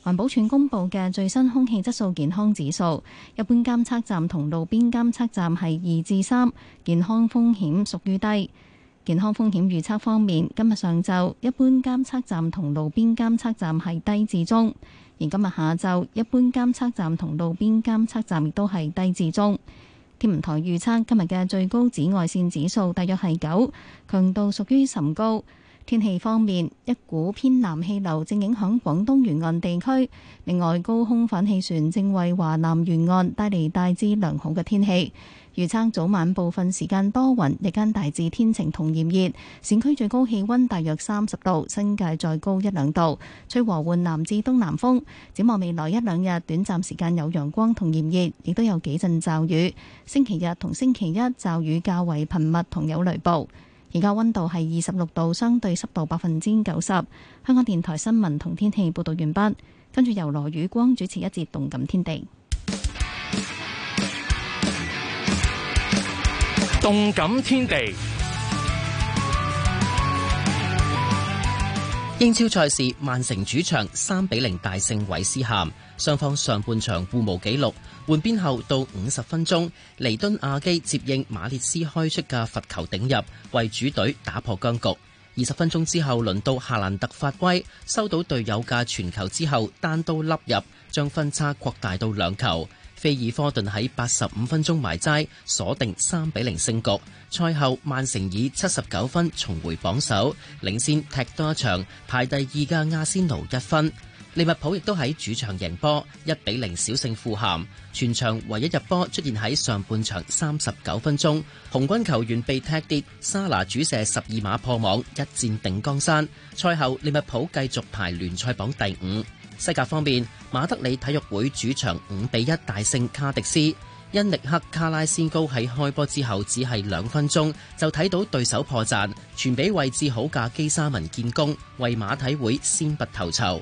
環保署公布嘅最新空氣質素健康指數，一般監測站同路邊監測站係二至三，健康風險屬於低。健康風險預測方面，今日上晝一般監測站同路邊監測站係低至中，而今日下晝一般監測站同路邊監測站亦都係低至中。天文台預測今日嘅最高紫外線指數大約係九，強度屬於甚高。天氣方面，一股偏南氣流正影響廣東沿岸地區，另外，高空反氣旋正為華南沿岸帶嚟大致良好嘅天氣。預測早晚部分時間多雲，日間大致天晴同炎熱，市區最高氣温大約三十度，新界再高一兩度。吹和緩南至東南風。展望未來一兩日，短暫時間有陽光同炎熱，亦都有幾陣驟雨。星期日同星期一驟雨較為頻密同有雷暴。而家溫度係二十六度，相對濕度百分之九十。香港電台新聞同天氣報道完畢。跟住由羅宇光主持一節動感天地。動感天地。英超賽事，曼城主場三比零大勝韋斯咸，雙方上半場互無紀錄。換邊後到五十分鐘，尼敦亞基接應馬列斯開出嘅罰球頂入，為主隊打破僵局。二十分鐘之後，輪到夏蘭特發威，收到隊友嘅傳球之後，單刀粒入，將分差擴大到兩球。菲爾科頓喺八十五分鐘埋齋，鎖定三比零勝局。賽後，曼城以七十九分重回榜首，領先踢多一場排第二嘅阿仙奴一分。利物浦亦都喺主場贏波一比零小勝富咸，全場唯一入波出現喺上半場三十九分鐘，紅軍球員被踢跌，沙拿主射十二碼破網，一戰定江山。賽後利物浦繼續排聯賽榜第五。西甲方面，馬德里體育會主場五比一大勝卡迪斯，因力克卡拉先高喺開波之後只係兩分鐘就睇到對手破綻，傳俾位置好價基沙文建功，為馬體會先拔頭籌。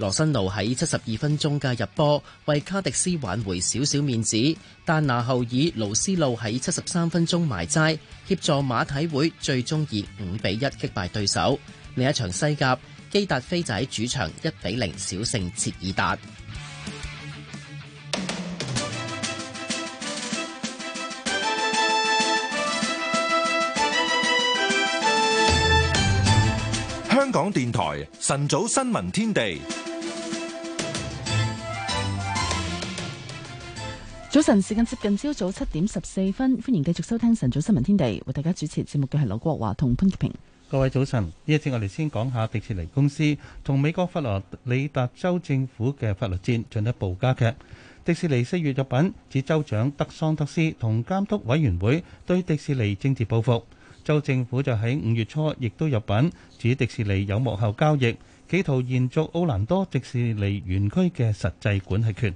羅辛奴喺七十二分鐘嘅入波，為卡迪斯挽回少少面子。但拿后爾勞斯路喺七十三分鐘埋齋，協助馬體會最中終以五比一擊敗對手。另一場西甲，基達菲仔主場一比零小勝切爾達。香港電台晨早新聞天地。早晨，時間接近朝早七點十四分，歡迎繼續收聽晨早新聞天地，為大家主持節目嘅係劉國華同潘潔平。各位早晨，呢一次我哋先講下迪士尼公司同美國佛羅里達州政府嘅法律戰進一步加劇。迪士尼四月入稟指州長德桑特斯同監督委員會對迪士尼政治報復，州政府就喺五月初亦都入稟指迪士尼有幕後交易，企圖延續奧蘭多迪士尼園區嘅實際管轄權。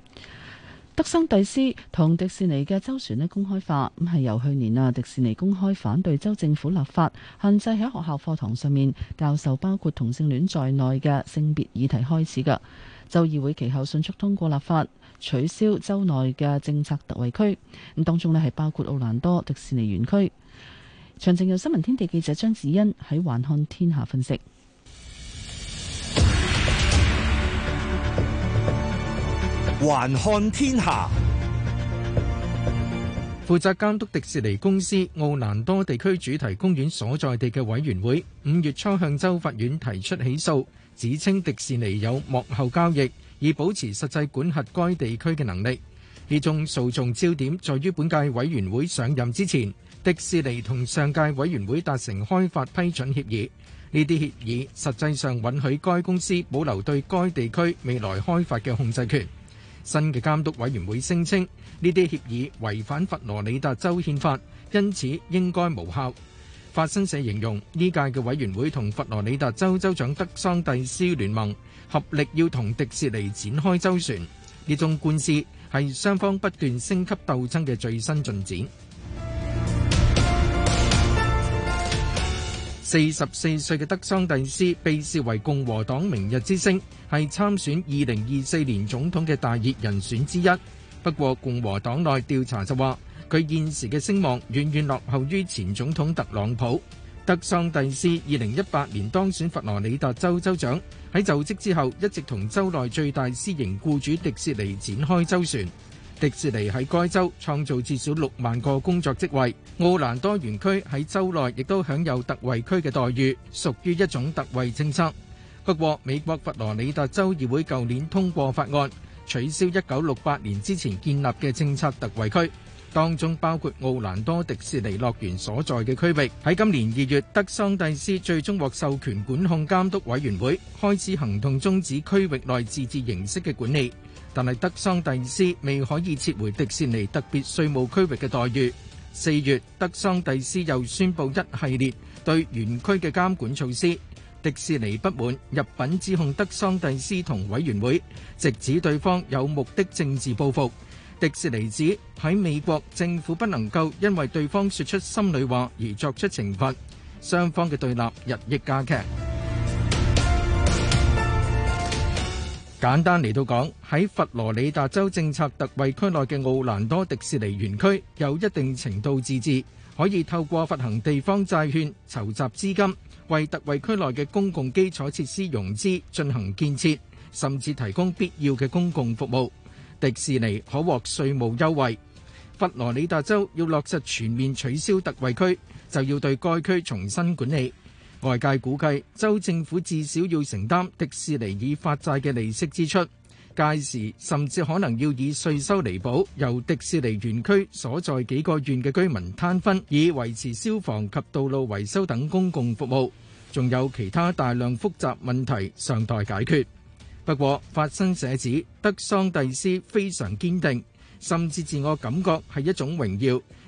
德生蒂斯同迪士尼嘅周旋咧公開化，咁係由去年啊，迪士尼公開反對州政府立法限制喺學校課堂上面教授包括同性戀在內嘅性別議題開始噶。州議會其後迅速通過立法取消州內嘅政策特惠區，咁當中咧係包括奧蘭多迪士尼園區。詳情由新聞天地記者張子欣喺《環看天下》分析。還看天下，負責監督迪士尼公司奧蘭多地區主題公園所在地嘅委員會，五月初向州法院提出起訴，指稱迪士尼有幕後交易，以保持實際管轄該地區嘅能力。呢宗訴訟焦點在於本屆委員會上任之前，迪士尼同上屆委員會達成開發批准協議。呢啲協議實際上允許該公司保留對該地區未來開發嘅控制權。新嘅監督委員會聲稱，呢啲協議違反佛羅里達州憲法，因此應該無效。法新社形容，呢屆嘅委員會同佛羅里達州州長德桑蒂斯聯盟合力要同迪士尼展開周旋，呢種官司係雙方不斷升級鬥爭嘅最新進展。四十四歲嘅德桑蒂斯被視為共和黨明日之星，係參選二零二四年總統嘅大熱人選之一。不過，共和黨內調查就話佢現時嘅聲望遠遠落後於前總統特朗普。德桑蒂斯二零一八年當選佛羅里達州州長，喺就職之後一直同州內最大私營僱主迪士尼展開周旋。迪士尼喺該州創造至少六萬個工作職位，奧蘭多園區喺州內亦都享有特惠區嘅待遇，屬於一種特惠政策。不過，美國佛羅里達州議會舊年通過法案，取消一九六八年之前建立嘅政策特惠區，當中包括奧蘭多迪士尼樂園所在嘅區域。喺今年二月，德桑蒂斯最終獲授權管控監督委員會開始行動，終止區域內自治形式嘅管理。但係德桑蒂斯未可以撤回迪士尼特別稅務區域嘅待遇。四月德桑蒂斯又宣布一系列對園區嘅監管措施，迪士尼不滿，入禀指控德桑蒂斯同委員會，直指對方有目的政治報復。迪士尼指喺美國政府不能夠因為對方説出心裡話而作出懲罰，雙方嘅對立日益加劇。簡單嚟到講，喺佛羅里達州政策特惠區內嘅奧蘭多迪士尼園區有一定程度自治，可以透過發行地方債券、籌集資金，為特惠區內嘅公共基礎設施融資進行建設，甚至提供必要嘅公共服務。迪士尼可獲稅務優惠。佛羅里達州要落實全面取消特惠區，就要對該區重新管理。外界估計，州政府至少要承擔迪士尼以發債嘅利息支出，屆時甚至可能要以稅收彌補，由迪士尼園區所在幾個縣嘅居民攤分，以維持消防及道路維修等公共服務。仲有其他大量複雜問題尚待解決。不過，法新社指德桑蒂斯非常堅定，甚至自我感覺係一種榮耀。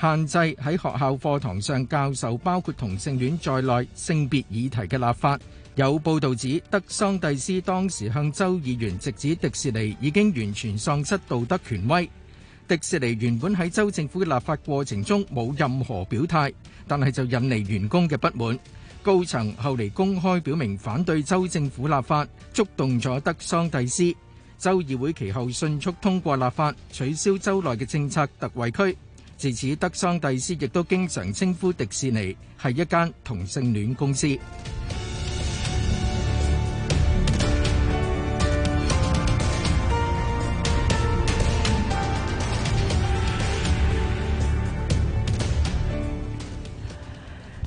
限制喺學校課堂上教授包括同性戀在內性別議題嘅立法。有報道指，德桑蒂斯當時向州議員直指迪士尼已經完全喪失道德權威。迪士尼原本喺州政府嘅立法過程中冇任何表態，但係就引嚟員工嘅不滿。高層後嚟公開表明反對州政府立法，觸動咗德桑蒂斯。州議會其後迅速通過立法，取消州內嘅政策特惠區。自此，德桑蒂斯亦都經常稱呼迪士尼係一間同性戀公司。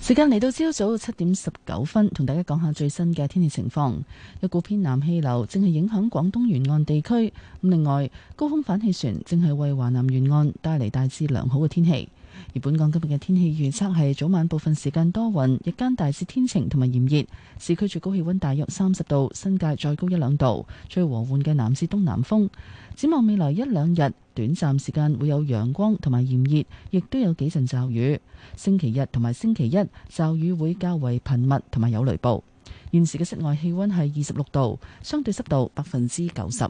時間嚟到朝早七點十九分，同大家講下最新嘅天氣情況。一股偏南氣流正係影響廣東沿岸地區，咁另外高空反氣旋正係為華南沿岸帶嚟大致良好嘅天氣。本港今日嘅天氣預測係早晚部分時間多雲，日間大致天晴同埋炎熱，市區最高氣溫大約三十度，新界再高一兩度，最和緩嘅南至東南風。展望未來一兩日，短暫時間會有陽光同埋炎熱，亦都有幾陣驟雨。星期日同埋星期一驟雨會較為頻密同埋有雷暴。現時嘅室外氣溫係二十六度，相對濕度百分之九十。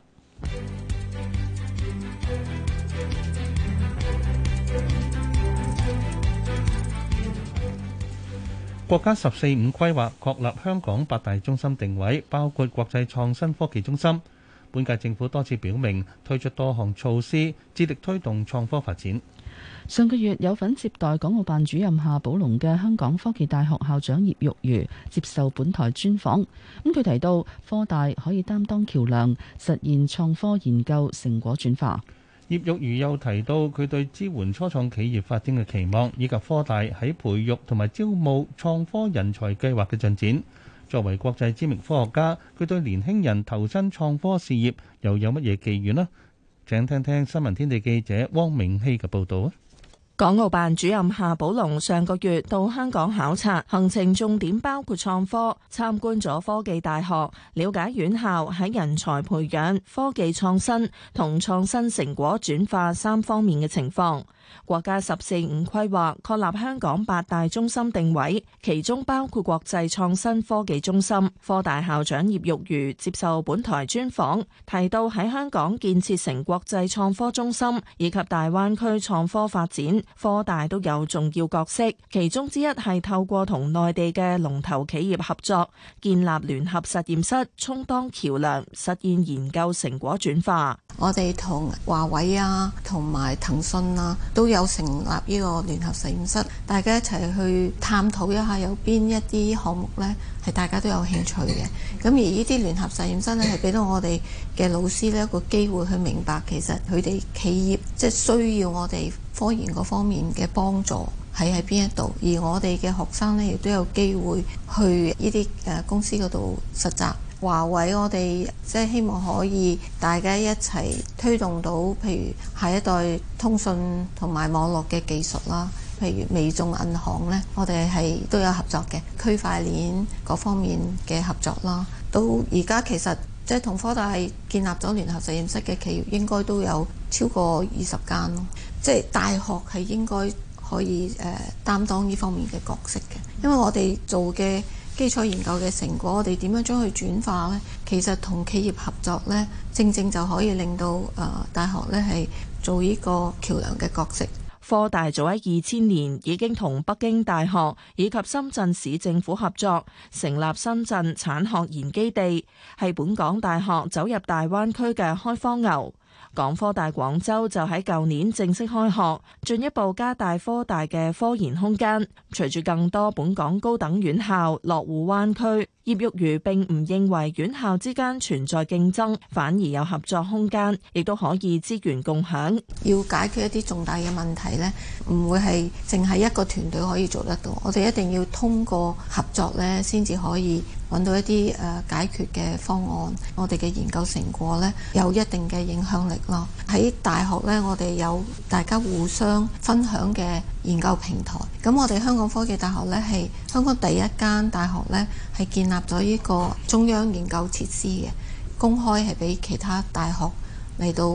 國家十四五規劃確立香港八大中心定位，包括國際創新科技中心。本屆政府多次表明推出多項措施，致力推動創科發展。上個月有份接待港澳辦主任夏寶龍嘅香港科技大學校長葉玉如接受本台專訪，咁佢提到，科大可以擔當橋梁，實現創科研究成果轉化。葉玉如又提到佢對支援初創企業發展嘅期望，以及科大喺培育同埋招募創科人才計劃嘅進展。作為國際知名科學家，佢對年輕人投身創科事業又有乜嘢寄願呢？請聽聽新聞天地記者汪明熙嘅報導啊！港澳辦主任夏寶龍上個月到香港考察，行程重點包括創科，參觀咗科技大學，了解院校喺人才培養、科技創新同創新成果轉化三方面嘅情況。國家十四五規劃確立香港八大中心定位，其中包括國際創新科技中心。科大校長葉玉如接受本台專訪，提到喺香港建設成國際創科中心以及大灣區創科發展，科大都有重要角色。其中之一係透過同內地嘅龍頭企業合作，建立聯合實驗室，充當橋樑，實現研究成果轉化。我哋同華為啊，同埋騰訊啊。都有成立呢個聯合實驗室，大家一齊去探討一下有邊一啲項目咧，係大家都有興趣嘅。咁而呢啲聯合實驗室咧，係俾到我哋嘅老師咧一個機會去明白，其實佢哋企業即係、就是、需要我哋科研嗰方面嘅幫助係喺邊一度，而我哋嘅學生咧，亦都有機會去呢啲誒公司嗰度實習。華為我哋即係希望可以大家一齊推動到，譬如下一代通訊同埋網絡嘅技術啦。譬如微眾銀行呢，我哋係都有合作嘅區塊鏈嗰方面嘅合作啦。到而家其實即係同科大係建立咗聯合實驗室嘅企業，應該都有超過二十間咯。即係大學係應該可以誒擔當呢方面嘅角色嘅，因為我哋做嘅基礎研究嘅成果，我哋點樣將佢轉化呢？其實同企業合作咧，正正就可以令到誒大學咧係做呢個橋梁嘅角色。科大早喺二千年已經同北京大學以及深圳市政府合作，成立深圳產學研基地，係本港大學走入大灣區嘅開荒牛。港科大廣州就喺舊年正式開學，進一步加大科大嘅科研空間，隨住更多本港高等院校落戶灣區，葉玉如並唔認為院校之間存在競爭，反而有合作空間，亦都可以資源共享。要解決一啲重大嘅問題咧，唔會係淨係一個團隊可以做得到，我哋一定要通過合作咧，先至可以。揾到一啲誒解決嘅方案，我哋嘅研究成果呢，有一定嘅影響力咯。喺大學呢，我哋有大家互相分享嘅研究平台。咁我哋香港科技大學呢，係香港第一間大學呢，係建立咗呢個中央研究設施嘅，公開係俾其他大學嚟到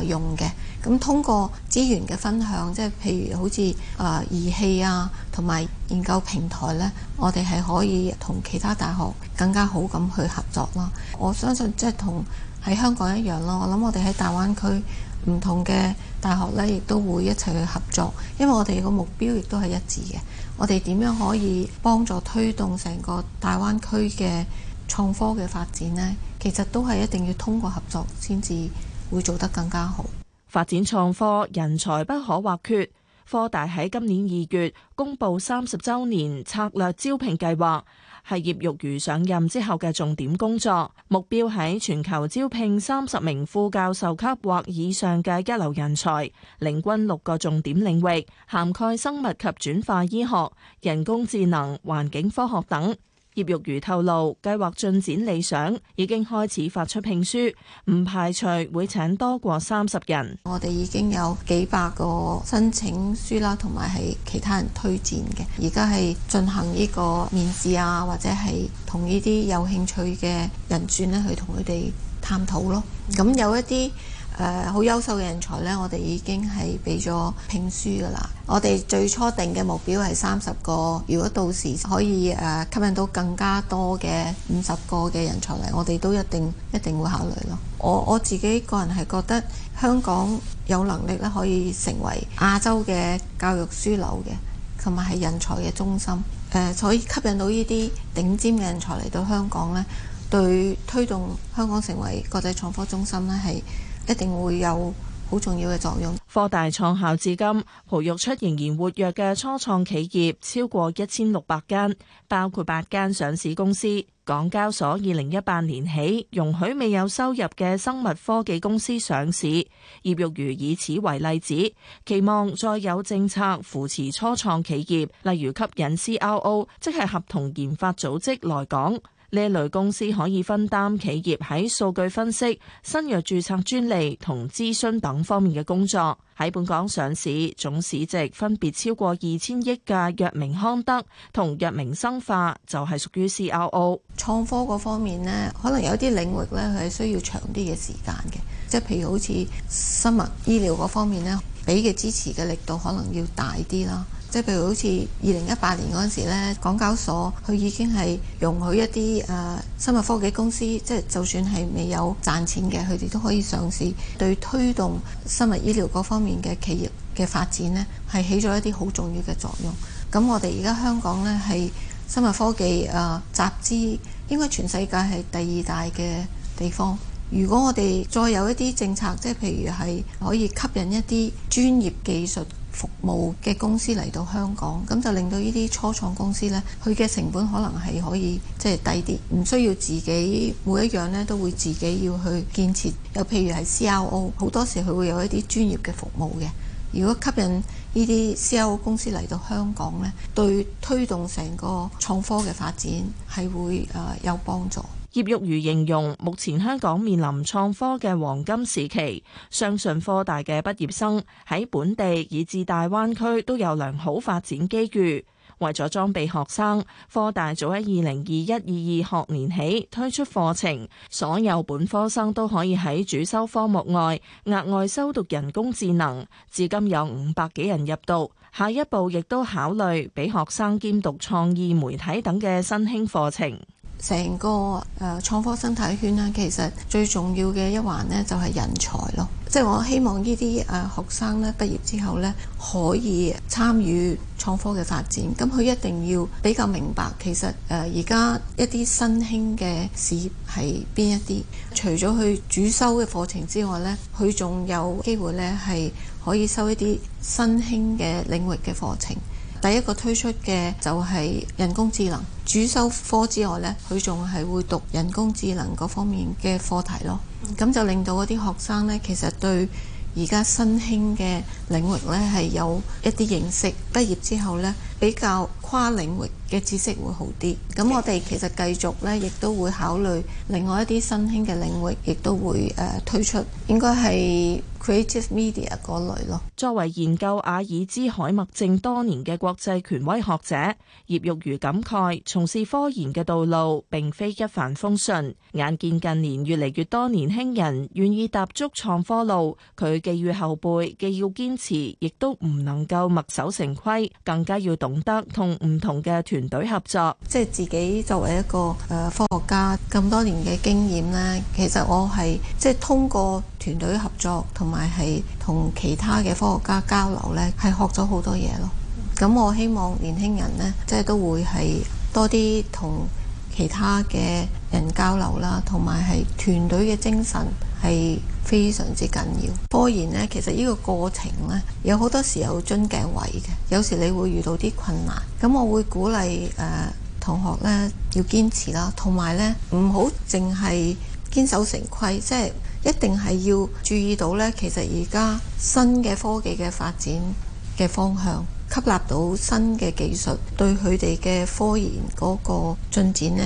誒用嘅。咁通過資源嘅分享，即係譬如好似啊儀器啊，同埋研究平台咧，我哋係可以同其他大學更加好咁去合作啦。我相信即係同喺香港一樣咯。我諗我哋喺大灣區唔同嘅大學咧，亦都會一齊去合作，因為我哋個目標亦都係一致嘅。我哋點樣可以幫助推動成個大灣區嘅創科嘅發展咧？其實都係一定要通過合作先至會做得更加好。發展創科，人才不可或缺。科大喺今年二月公佈三十週年策略招聘計劃，係葉玉如上任之後嘅重點工作，目標喺全球招聘三十名副教授級或以上嘅一流人才，領軍六個重點領域，涵蓋生物及轉化醫學、人工智能、環境科學等。葉玉如透露，計劃進展理想，已經開始發出聘書，唔排除會請多過三十人。我哋已經有幾百個申請書啦，同埋係其他人推薦嘅，而家係進行呢個面試啊，或者係同呢啲有興趣嘅人選咧去同佢哋探討咯。咁有一啲。誒好、呃、優秀嘅人才呢，我哋已經係俾咗聘書㗎啦。我哋最初定嘅目標係三十個，如果到時可以誒、呃、吸引到更加多嘅五十個嘅人才嚟，我哋都一定一定會考慮咯。我我自己個人係覺得香港有能力咧，可以成為亞洲嘅教育樞紐嘅，同埋係人才嘅中心。誒、呃，所以吸引到呢啲頂尖嘅人才嚟到香港呢，對推動香港成為國際創科中心呢係。一定會有好重要嘅作用。科大創校至今，培育出仍然活躍嘅初創企業超過一千六百間，包括八間上市公司。港交所二零一八年起容許未有收入嘅生物科技公司上市。葉玉如以此為例子，期望再有政策扶持初創企業，例如吸引 CRO，即係合同研發組織來港。呢類公司可以分擔企業喺數據分析、新藥註冊專利同諮詢等方面嘅工作。喺本港上市總市值分別超過二千億嘅藥明康德同藥明生化就係屬於 CRO。創科嗰方面呢，可能有啲領域咧係需要長啲嘅時間嘅，即係譬如好似生物醫療嗰方面呢，俾嘅支持嘅力度可能要大啲啦。即係譬如好似二零一八年嗰陣時呢，港交所佢已經係容許一啲誒生物科技公司，即係就算係未有賺錢嘅，佢哋都可以上市。對推動生物醫療各方面嘅企業嘅發展呢，係起咗一啲好重要嘅作用。咁我哋而家香港呢，係生物科技誒集資，應該全世界係第二大嘅地方。如果我哋再有一啲政策，即係譬如係可以吸引一啲專業技術。服務嘅公司嚟到香港，咁就令到呢啲初創公司呢，佢嘅成本可能係可以即係、就是、低啲，唔需要自己每一樣呢都會自己要去建設。又譬如係 CRO，好多時佢會有一啲專業嘅服務嘅。如果吸引呢啲 CRO 公司嚟到香港呢，對推動成個創科嘅發展係會誒、呃、有幫助。葉玉如形容，目前香港面臨創科嘅黃金時期，相信科大嘅畢業生喺本地以至大灣區都有良好發展機遇。為咗裝備學生，科大早喺二零二一、二二學年起推出課程，所有本科生都可以喺主修科目外額外修讀人工智能。至今有五百幾人入讀，下一步亦都考慮俾學生兼讀創意媒體等嘅新興課程。成個誒、呃、創科生態圈咧，其實最重要嘅一環呢，就係、是、人才咯。即係我希望呢啲誒學生咧畢業之後呢，可以參與創科嘅發展。咁佢一定要比較明白，其實誒而家一啲新興嘅事業係邊一啲。除咗佢主修嘅課程之外呢，佢仲有機會呢，係可以修一啲新興嘅領域嘅課程。第一個推出嘅就係人工智能。主修科之外呢，佢仲係會讀人工智能嗰方面嘅課題咯，咁就令到嗰啲學生呢，其實對而家新興嘅領域呢，係有一啲認識。畢業之後呢，比較。跨領域嘅知識會好啲。咁我哋其實繼續咧，亦都會考慮另外一啲新興嘅領域，亦都會誒、呃、推出。應該係 Creative Media 嗰類咯。作為研究阿爾茲海默症多年嘅國際權威學者，葉玉如感慨：從事科研嘅道路並非一帆風順。眼見近年越嚟越多年輕人願意踏足創科路，佢寄予後輩既要堅持，亦都唔能夠墨守成規，更加要懂得同。唔同嘅團隊合作，即係自己作為一個誒科學家咁多年嘅經驗呢，其實我係即係通過團隊合作同埋係同其他嘅科學家交流呢，係學咗好多嘢咯。咁我希望年輕人呢，即係都會係多啲同其他嘅人交流啦，同埋係團隊嘅精神係。非常之緊要。科研呢，其實呢個過程呢，有好多時候有樽頸位嘅，有時你會遇到啲困難。咁我會鼓勵誒、呃、同學呢，要堅持啦，同埋呢，唔好淨係堅守成規，即係一定係要注意到呢。其實而家新嘅科技嘅發展嘅方向，吸納到新嘅技術，對佢哋嘅科研嗰個進展呢，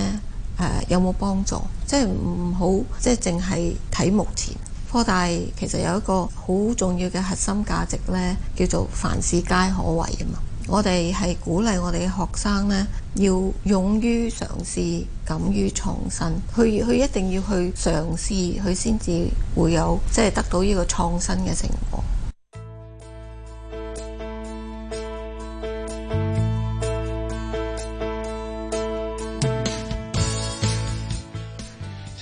誒、呃、有冇幫助，即係唔好即係淨係睇目前。科大其實有一個好重要嘅核心價值呢，叫做凡事皆可為啊嘛！我哋係鼓勵我哋嘅學生呢，要勇於嘗試，敢於創新。佢佢一定要去嘗試，佢先至會有，即係、就是、得到呢個創新嘅成果。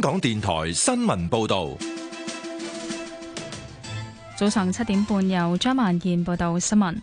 香港電台新聞報道，早上七點半由張萬燕報道新聞。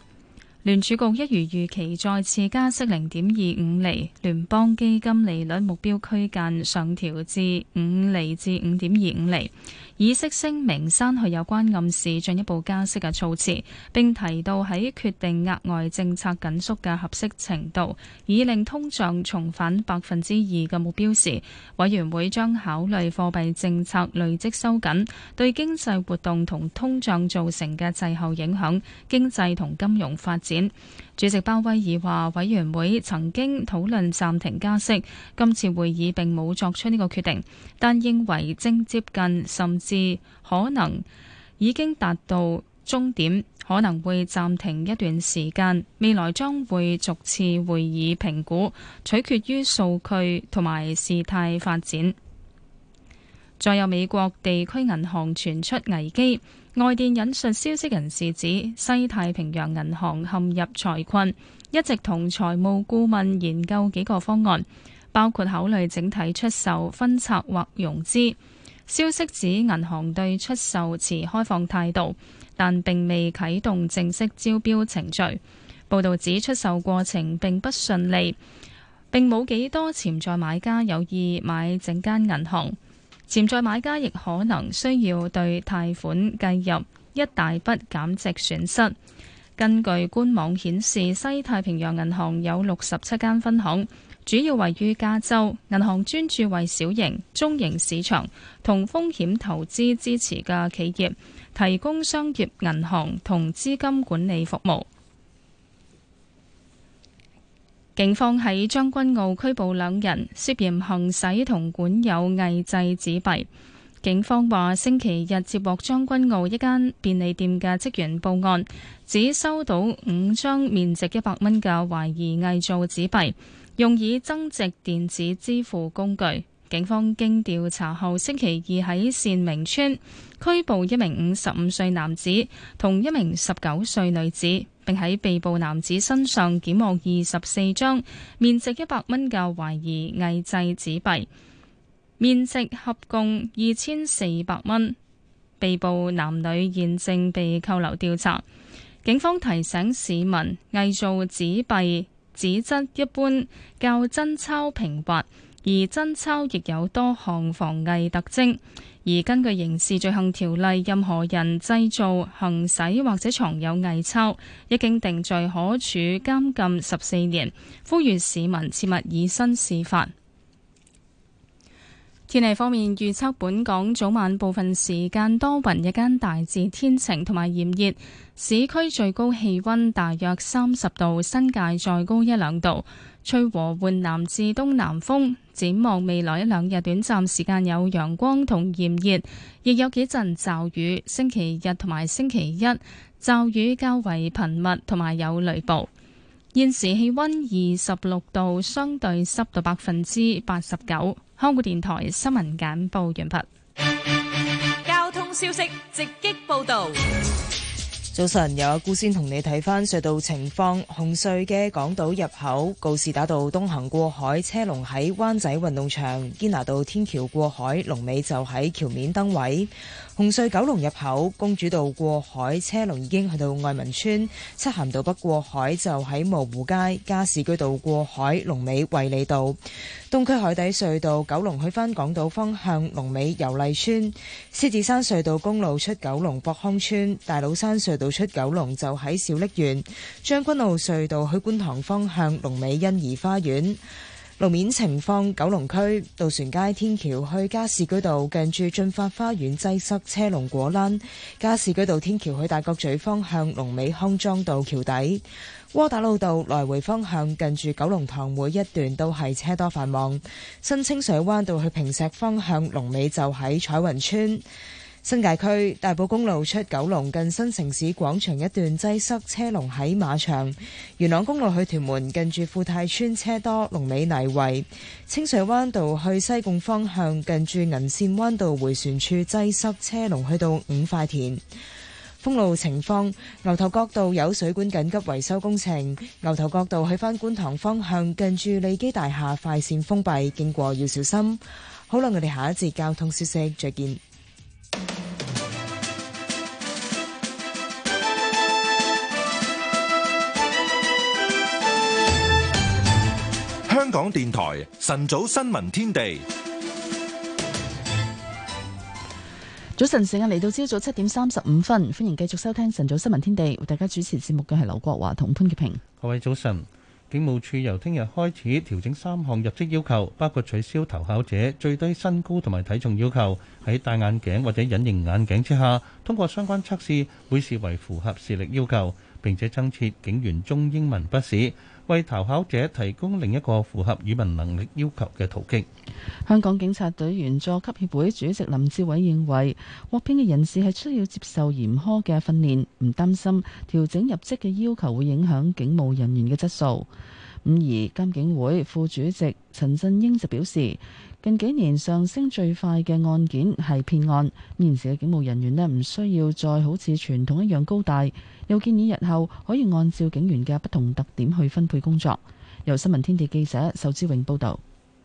聯儲局一如預期再次加息零點二五厘，聯邦基金利率目標區間上調至五厘至五點二五厘。議息聲明刪去有關暗示進一步加息嘅措辭，並提到喺決定額外政策緊縮嘅合適程度，以令通脹重返百分之二嘅目標時，委員會將考慮貨幣政策累積收緊對經濟活動同通脹造成嘅滯後影響、經濟同金融發展。主席鮑威爾話：委員會曾經討論暫停加息，今次會議並冇作出呢個決定，但認為正接近，甚至可能已經達到終點，可能會暫停一段時間。未來將會逐次會議評估，取決於數據同埋事態發展。再有美國地區銀行傳出危機。外電引述消息人士指，西太平洋銀行陷入財困，一直同財務顧問研究幾個方案，包括考慮整體出售、分拆或融資。消息指銀行對出售持開放態度，但並未啟動正式招標程序。報道指出售過程並不順利，並冇幾多潛在買家有意買整間銀行。潛在買家亦可能需要對貸款計入一大筆減值損失。根據官網顯示，西太平洋銀行有六十七間分行，主要位於加州。銀行專注為小型、中型市場同風險投資支持嘅企業提供商業銀行同資金管理服務。警方喺將軍澳拘捕兩人，涉嫌行使同管有偽製紙幣。警方話星期日接獲將軍澳一間便利店嘅職員報案，只收到五張面值一百蚊嘅懷疑偽造紙幣，用以增值電子支付工具。警方經調查後，星期二喺善明邨，拘捕一名五十五歲男子同一名十九歲女子。並喺被捕男子身上檢獲二十四張面值一百蚊嘅懷疑偽製紙幣，面值合共二千四百蚊。被捕男女現正被扣留調查。警方提醒市民，偽造紙幣紙質一般較真鈔平滑。而真鈔亦有多項防偽特徵，而根據刑事罪行條例，任何人製造、行使或者藏有偽鈔，一經定罪，可處監禁十四年。呼籲市民切勿以身試法。天氣方面預測，預測本港早晚部分時間多雲，日間大致天晴同埋炎熱，市區最高氣温大約三十度，新界再高一兩度，吹和緩南至東南風。展望未來一兩日短暫時間有陽光同炎熱，亦有幾陣驟雨。星期日同埋星期一驟雨較為頻密，同埋有雷暴。現時氣溫二十六度，相對濕度百分之八十九。香港電台新聞簡報完畢。交通消息直擊報道。早晨，有阿姑先同你睇翻隧道情況。紅隧嘅港島入口，告士打道東行過海，車龍喺灣仔運動場，堅拿道天橋過海，龍尾就喺橋面燈位。紅隧九龍入口，公主道過海車龍已經去到愛民村，漆咸道北過海就喺蕪湖街、加士居道過海龍尾衛理道，東區海底隧道九龍去返港島方向龍尾油麗村，獅子山隧道公路出九龍博康村，大老山隧道出九龍就喺小瀝源，將軍澳隧道去觀塘方向龍尾欣怡花園。路面情況：九龍區渡船街天橋去加士居道近住駿發花園擠塞車龍果欄；加士居道天橋去大角咀方向龍尾康莊道橋底；窩打老道來回方向近住九龍塘每一段都係車多繁忙；新清水灣道去坪石方向龍尾就喺彩雲村。新界區大埔公路出九龍近新城市廣場一段擠塞，車龍喺馬場；元朗公路去屯門近住富泰村車多，龍尾泥圍。清水灣道去西貢方向近住銀線灣道回旋處擠塞，車龍去到五塊田。封路情況，牛頭角道有水管緊急維修工程。牛頭角道去翻觀塘方向近住利基大廈快線封閉，經過要小心。好啦，我哋下一節交通消息，再見。香港電台晨早新聞天地。早晨時間嚟到，朝早七點三十五分，歡迎繼續收聽晨早新聞天地。為大家主持節目嘅係劉國華同潘潔平。各位早晨，警務處由聽日開始調整三項入職要求，包括取消投考者最低身高同埋體重要求。喺戴眼鏡或者隱形眼鏡之下，通過相關測試會視為符合視力要求，並且增設警員中英文筆試。為投考者提供另一個符合語文能力要求嘅途徑。香港警察隊員佐級協會主席林志偉認為，獲聘嘅人士係需要接受嚴苛嘅訓練，唔擔心調整入職嘅要求會影響警務人員嘅質素。咁而監警會副主席陳振英就表示，近幾年上升最快嘅案件係騙案，現時嘅警務人員呢，唔需要再好似傳統一樣高大。又建議日後可以按照警員嘅不同特點去分配工作。由新聞天地記者仇之榮報導。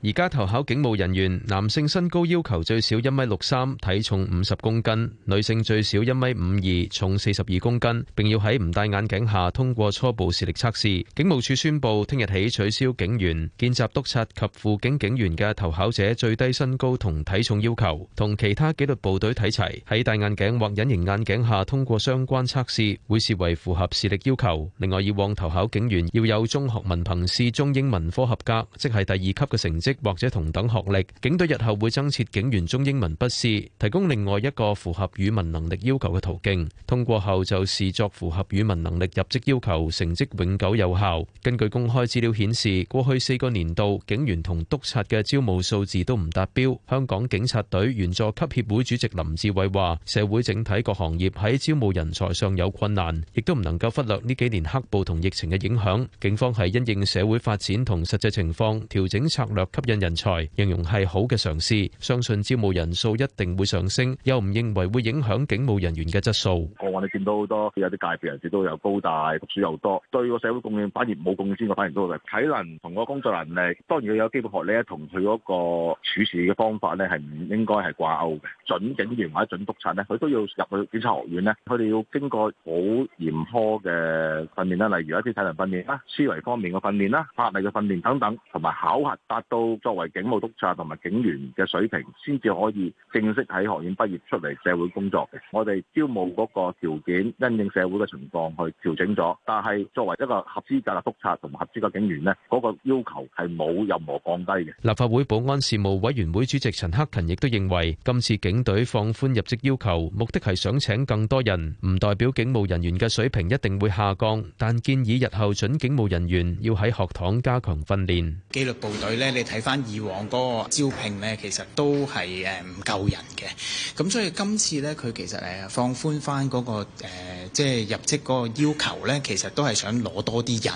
而家投考警務人員，男性身高要求最少一米六三，體重五十公斤；女性最少一米五二，重四十二公斤，並要喺唔戴眼鏡下通過初步視力測試。警務處宣佈，聽日起取消警員見習督察及輔警警員嘅投考者最低身高同體重要求，同其他紀律部隊睇齊。喺戴眼鏡或隱形眼鏡下通過相關測試，會視為符合視力要求。另外，以往投考警員要有中學文憑試中英文科合格，即係第二級嘅成績。或者同等學歷，警隊日後會增設警員中英文筆試，提供另外一個符合語文能力要求嘅途徑。通過後就視作符合語文能力入職要求，成績永久有效。根據公開資料顯示，過去四個年度警員同督察嘅招募數字都唔達標。香港警察隊援助級協會主席林志偉話，社會整體各行業喺招募人才上有困難，亦都唔能夠忽略呢幾年黑暴同疫情嘅影響。警方係因應社會發展同實際情況調整策略。吸引人才，形容係好嘅嘗試，相信招募人數一定會上升，又唔認為會影響警務人員嘅質素。我話你見到好多，有啲界別人士都有高大、讀書又多，對個社會貢獻反而冇貢獻嘅反而多嘅體能同個工作能力，當然要有基本學歷，同佢嗰個處事嘅方法咧係唔應該係掛鈎嘅。準警員或者準督察咧，佢都要入去警察學院咧，佢哋要經過好嚴苛嘅訓練啦，例如一啲體能訓練啦、思維方面嘅訓練啦、法例嘅訓練等等，同埋考核達到。作為警務督察同埋警員嘅水平，先至可以正式喺學院畢業出嚟社會工作。我哋招募嗰個條件，因應社會嘅情況去調整咗。但係作為一個合資格嘅督察同埋合資格警員呢，嗰個要求係冇任何降低嘅。立法會保安事務委員會主席陳克勤亦都認為，今次警隊放寬入職要求，目的係想請更多人，唔代表警務人員嘅水平一定會下降。但建議日後準警務人員要喺學堂加強訓練紀律部隊呢，你睇。翻以往個招聘咧，其實都係誒唔夠人嘅。咁所以今次咧，佢其實誒放寬翻、嗰個誒、呃、即係入職個要求咧，其實都係想攞多啲人。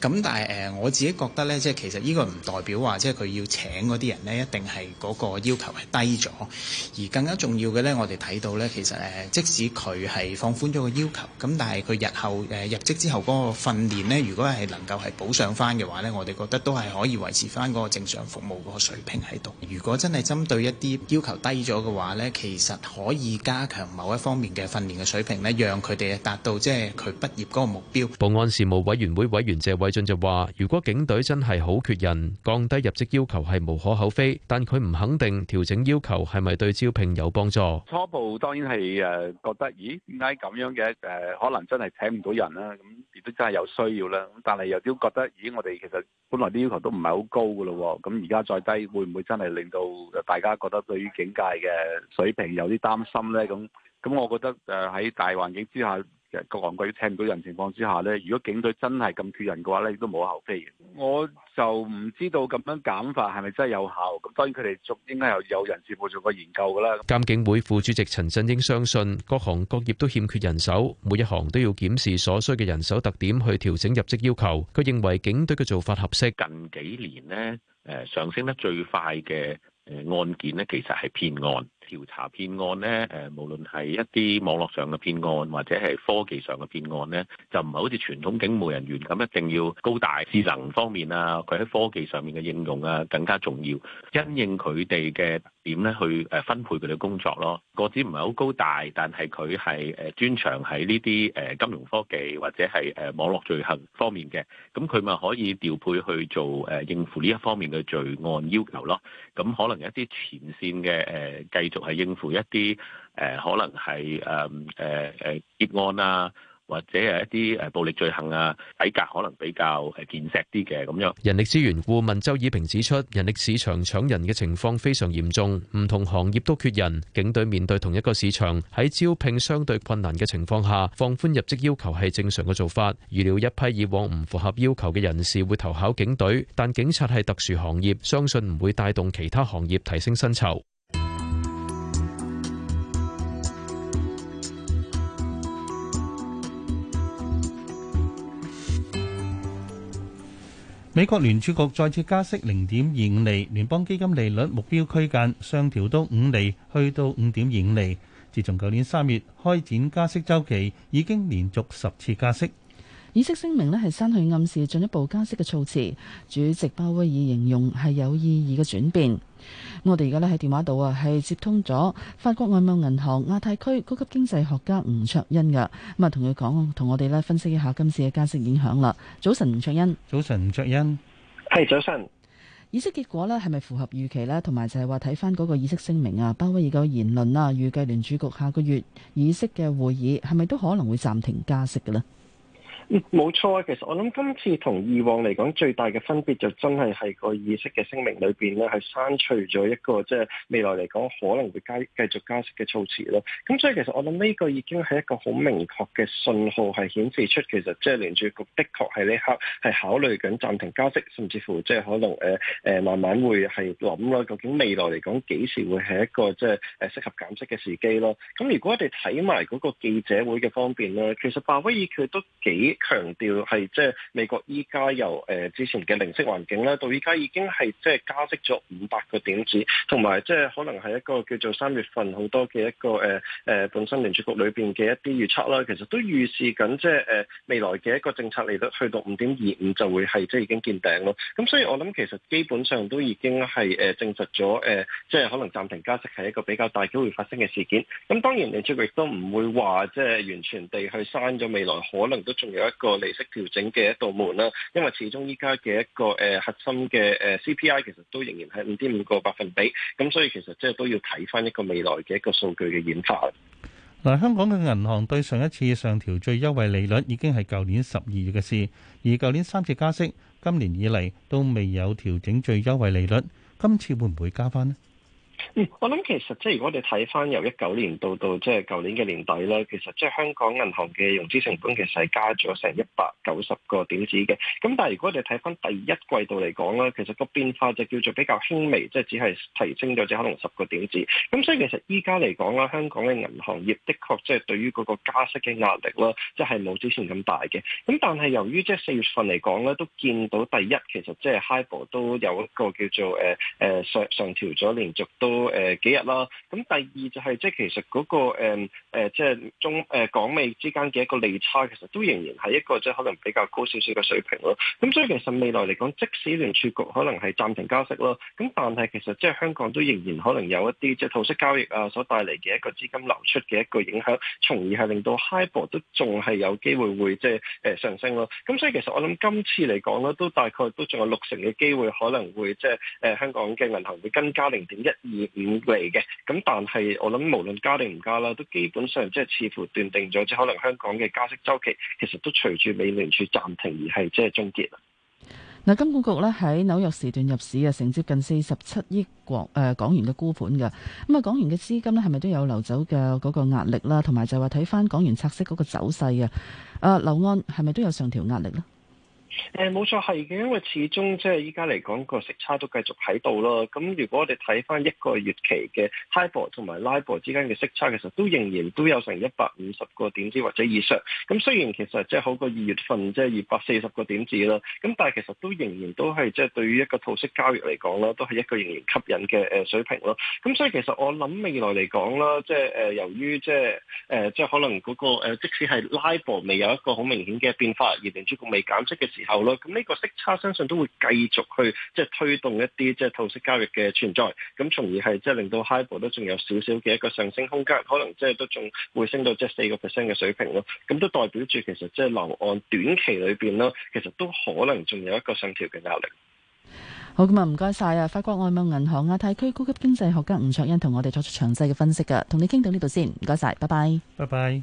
咁但係誒、呃、我自己覺得咧，即係其實呢個唔代表話即係佢要請嗰啲人咧，一定係個要求係低咗。而更加重要嘅咧，我哋睇到咧，其實誒即使佢係放寬咗個要求，咁但係佢日後誒、呃、入職之後個訓練咧，如果係能夠係補上翻嘅話咧，我哋覺得都係可以維持翻個正常。服務個水平喺度。如果真係針對一啲要求低咗嘅話咧，其實可以加強某一方面嘅訓練嘅水平咧，讓佢哋啊達到即係佢畢業嗰個目標。保安事務委員會委員謝偉俊就話，如果警隊真係好缺人，降低入職要求係無可厚非，但佢唔肯定調整要求係咪對招聘有幫助。初步當然係誒覺得，咦點解咁樣嘅誒？可能真係請唔到人啦，咁亦都真係有需要啦。咁但係又都覺得，咦我哋其實本來啲要求都唔係好高嘅咯。咁而家再低，會唔會真係令到大家覺得對於警界嘅水平有啲擔心咧？咁咁，我覺得誒喺大環境之下，各行各業請唔到人情況之下咧，如果警隊真係咁缺人嘅話咧，亦都無可厚非。我就唔知道咁樣減法係咪真係有效？咁當然佢哋應應該有人事部做過研究㗎啦。監警會副主席陳振英相信各行各業都欠缺人手，每一行都要檢視所需嘅人手特點去調整入職要求。佢認為警隊嘅做法合適。近幾年咧。誒、呃、上升得最快嘅誒、呃、案件咧，其實係騙案。調查騙案咧，誒，無論係一啲網絡上嘅騙案，或者係科技上嘅騙案咧，就唔係好似傳統警務人員咁，一定要高大，智能方面啊，佢喺科技上面嘅應用啊，更加重要。因應佢哋嘅特點咧，去誒分配佢哋工作咯。個子唔係好高大，但係佢係誒專長喺呢啲誒金融科技或者係誒網絡罪行方面嘅，咁佢咪可以調配去做誒應付呢一方面嘅罪案要求咯。咁可能一啲前線嘅誒繼續。係應付一啲誒，可能係誒誒誒劫案啊，或者係一啲誒暴力罪行啊，體格可能比較誒健碩啲嘅咁樣。人力資源顧問周以平指出，人力市場搶人嘅情況非常嚴重，唔同行業都缺人。警隊面對同一個市場，喺招聘相對困難嘅情況下，放寬入職要求係正常嘅做法。預料一批以往唔符合要求嘅人士會投考警隊，但警察係特殊行業，相信唔會帶動其他行業提升薪酬。美國聯儲局再次加息零點二五厘，聯邦基金利率目標區間上調到五厘，去到五點二五厘。自從舊年三月開展加息周期，已經連續十次加息。議息聲明呢係刪去暗示進一步加息嘅措辭，主席鮑威爾形容係有意義嘅轉變。我哋而家咧喺電話度啊，係接通咗法國外貿銀行亞太區高級經濟學家吳卓恩㗎。咁啊，同佢講，同我哋咧分析一下今次嘅加息影響啦。早晨，吳卓恩，早卓恩。早晨，吳卓恩。係早晨。議息結果呢係咪符合預期呢？同埋就係話睇翻嗰個議息聲明啊，鮑威爾嘅言論啊，預計聯儲局下個月議息嘅會議係咪都可能會暫停加息嘅呢？冇錯啊！其實我諗今次同以往嚟講，最大嘅分別就真係係個意識嘅聲明裏邊咧，係刪除咗一個即係、就是、未來嚟講可能會加繼續加息嘅措辭咯。咁所以其實我諗呢個已經係一個好明確嘅信號，係顯示出其實即係聯儲局的確喺呢刻係考慮緊暫停加息，甚至乎即係可能誒誒、呃呃、慢慢會係諗咯，究竟未來嚟講幾時會係一個即係誒適合減息嘅時機咯。咁如果我哋睇埋嗰個記者會嘅方面咧，其實鮑威爾佢都幾強調係即係美國依家由誒之前嘅零息環境咧，到依家已經係即係加息咗五百個點子，同埋即係可能係一個叫做三月份好多嘅一個誒誒本身聯儲局裏邊嘅一啲預測啦。其實都預示緊即係誒未來嘅一個政策利率去到五點二五就會係即係已經見頂咯。咁所以我諗其實基本上都已經係誒證實咗誒，即係可能暫停加息係一個比較大機會發生嘅事件。咁當然聯儲局亦都唔會話即係完全地去刪咗未來可能都仲有一個利息調整嘅一道門啦，因為始終依家嘅一個誒核心嘅誒 CPI 其實都仍然係五點五個百分比，咁所以其實即係都要睇翻一個未來嘅一個數據嘅演化。嗱，香港嘅銀行對上一次上調最優惠利率已經係舊年十二月嘅事，而舊年三次加息，今年以嚟都未有調整最優惠利率，今次會唔會加返呢？嗯，我諗其實即係如果你睇翻由一九年到到即係舊年嘅年底咧，其實即係香港銀行嘅融資成本其實係加咗成一百九十個點子嘅。咁但係如果你睇翻第一季度嚟講咧，其實個變化就叫做比較輕微，即係只係提升咗只可能十個點子。咁所以其實依家嚟講啦，香港嘅銀行業的確即係對於嗰個加息嘅壓力啦，即係冇之前咁大嘅。咁但係由於即係四月份嚟講咧，都見到第一其實即係 HIBOR 都有一個叫做誒誒、呃、上上調咗，連續都。誒幾日啦？咁、嗯、第二就係即係其實嗰、那個誒即係中誒、呃呃、港美之間嘅一個利差，其實都仍然係一個即係可能比較高少少嘅水平咯。咁、嗯、所以其實未來嚟講，即使聯儲局可能係暫停加息咯，咁但係其實即係香港都仍然可能有一啲即係套息交易啊，所帶嚟嘅一個資金流出嘅一個影響，從而係令到 HIBOR 都仲係有機會會即係誒上升咯。咁、嗯、所以其實我諗今次嚟講咧，都大概都仲有六成嘅機會可能會即係誒香港嘅銀行會增加零點一二五厘嘅。咁，但係我諗無論加定唔加啦，都基本上即係似乎斷定咗，即可能香港嘅加息週期其實都隨住美聯儲暫停而係即係終結嗱。金管局呢喺紐約時段入市啊，承接近四十七億港誒港元嘅沽盤噶。咁、呃、啊，港元嘅資金咧係咪都有流走嘅嗰個壓力啦？同埋就係話睇翻港元拆息嗰個走勢啊。誒、呃，樓按係咪都有上調壓力咧？誒冇錯係嘅，因為始終即係依家嚟講個息差都繼續喺度咯。咁如果我哋睇翻一個月期嘅 HIBOR 同埋 LIBOR 之間嘅息差，其實都仍然都有成一百五十個點子或者以上。咁雖然其實即係好過二月份即係二百四十個點子咯，咁但係其實都仍然都係即係對於一個套息交易嚟講咧，都係一個仍然吸引嘅誒水平咯。咁所以其實我諗未來嚟講咧，即係誒由於即係誒即係可能嗰個誒即使係 LIBOR 未有一個好明顯嘅變化，而聯儲局未減息嘅時，咁呢個息差相信都會繼續去即係推動一啲即係套息交易嘅存在，咁從而係即係令到 HIBOR 都仲有少少嘅一個上升空間，可能即係都仲會升到即係四個 percent 嘅水平咯，咁都代表住其實即係樓按短期裏邊咧，其實都可能仲有一個上調嘅壓力。好咁啊，唔該晒啊！法國外貿銀行亞太區高級經濟學家吳卓恩同我哋作出詳細嘅分析㗎，同你傾到呢度先，唔該晒，拜拜，拜拜。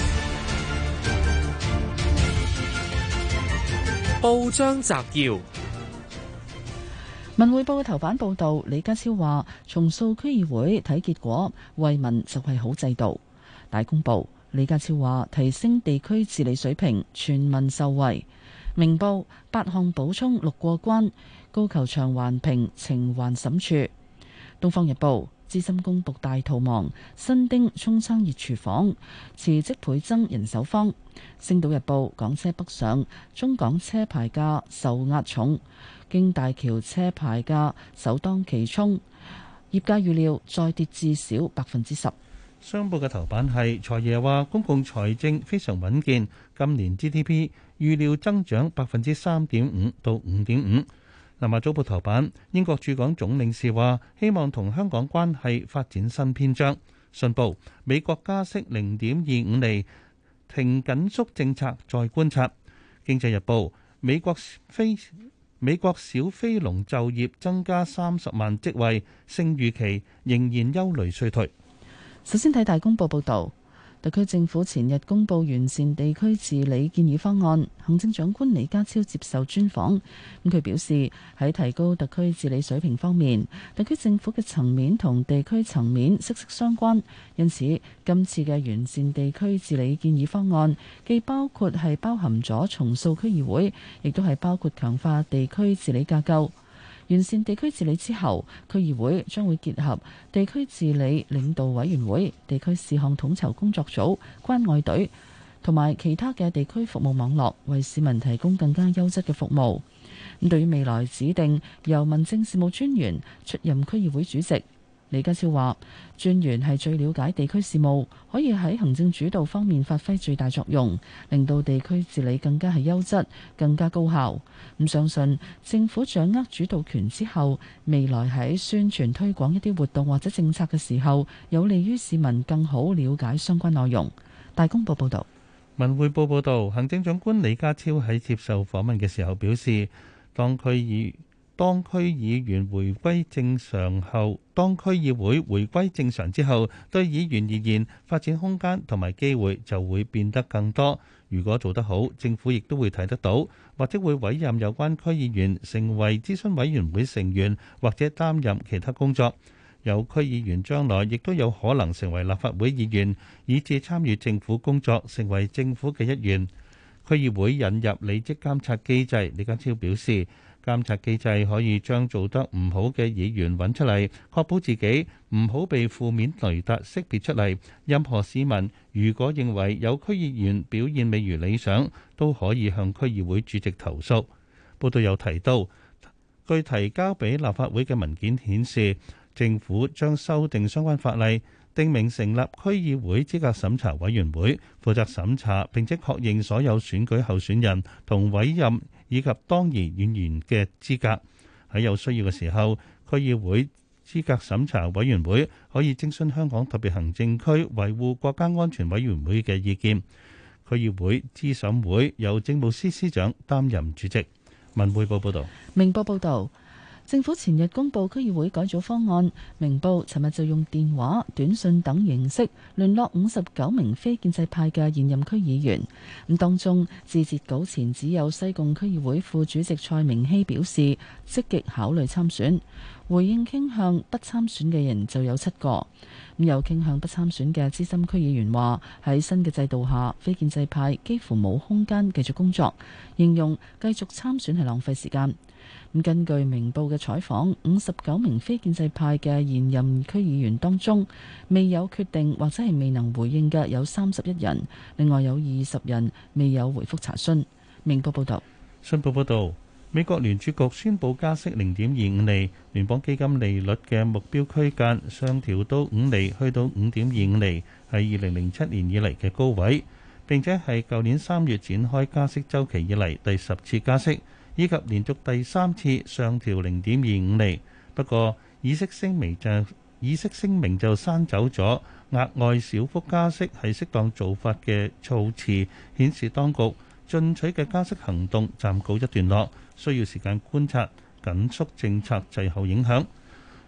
報章摘要：《文匯報》嘅頭版報道，李家超話重塑區議會睇結果，為民就係好制度。大公報李家超話提升地區治理水平，全民受惠。明報八項補充六過關，高球場環評，呈環審處。《東方日報》資深公僕大逃亡，新丁衝生熱廚房，辭職倍增人手荒。《星島日報》港車北上，中港車牌價受壓重，京大橋車牌價首當其衝，業界預料再跌至少百分之十。商報嘅頭版係財爺話，公共財政非常穩健，今年 GDP 預料增長百分之三點五到五點五。南華早報頭版，英國駐港總領事話希望同香港關係發展新篇章。信報，美國加息零點二五釐，停緊縮政策再觀察。經濟日報，美國非美國小非農就業增加三十萬職位，勝預期，仍然憂慮衰退。首先睇大公報報導。特區政府前日公布完善地區治理建議方案，行政長官李家超接受專訪。咁佢表示喺提高特區治理水平方面，特區政府嘅層面同地區層面息息相關，因此今次嘅完善地區治理建議方案既包括係包含咗重塑區議會，亦都係包括強化地區治理架構。完善地區治理之後，區議會將會結合地區治理領導委員會、地區事項統籌工作組、關愛隊同埋其他嘅地區服務網絡，為市民提供更加優質嘅服務。咁對於未來指定由民政事務專員出任區議會主席。李家超話：專員係最了解地區事務，可以喺行政主導方面發揮最大作用，令到地區治理更加係優質、更加高效。唔相信政府掌握主導權之後，未來喺宣傳推廣一啲活動或者政策嘅時候，有利於市民更好了解相關內容。大公報報道。文匯報報道，行政長官李家超喺接受訪問嘅時候表示，當區以。當區議員回歸正常後，當區議會回歸正常之後，對議員而言，發展空間同埋機會就會變得更多。如果做得好，政府亦都會睇得到，或者會委任有關區議員成為諮詢委員會成員，或者擔任其他工作。有區議員將來亦都有可能成為立法會議員，以至參與政府工作，成為政府嘅一員。區議會引入理質監察機制，李家超表示。監察機制可以將做得唔好嘅議員揾出嚟，確保自己唔好被負面雷達識別出嚟。任何市民如果認為有區議員表現未如理想，都可以向區議會主席投訴。報道有提到，據提交俾立法會嘅文件顯示，政府將修訂相關法例，定名成立區議會資格審查委員會，負責審查並且確認所有選舉候選人同委任。以及當然演員嘅資格，喺有需要嘅時候，區議會資格審查委員會可以徵詢香港特別行政區維護國家安全委員會嘅意見。區議會資審會由政務司司長擔任主席。文匯報報道。明報報導。政府前日公布區議會改組方案，明報尋日就用電話、短訊等形式聯絡五十九名非建制派嘅現任區議員。咁當中至截稿前只有西貢區議會副主席蔡明熙表示積極考慮參選，回應傾向不參選嘅人就有七個。咁有傾向不參選嘅資深區議員話：喺新嘅制度下，非建制派幾乎冇空間繼續工作，形容繼續參選係浪費時間。根據明報嘅採訪，五十九名非建制派嘅現任區議員當中，未有決定或者係未能回應嘅有三十一人，另外有二十人未有回覆查詢。明報報道。信報報導，美國聯儲局宣布加息零點二五厘，聯邦基金利率嘅目標區間上調到五厘，去到五點二五厘，係二零零七年以嚟嘅高位，並且係舊年三月展開加息週期以嚟第十次加息。以及連續第三次上調零點二五釐，不過議息聲明就議息聲明就刪走咗額外小幅加息係適當做法嘅措辭，顯示當局進取嘅加息行動暫告一段落，需要時間觀察緊縮政策滯後影響。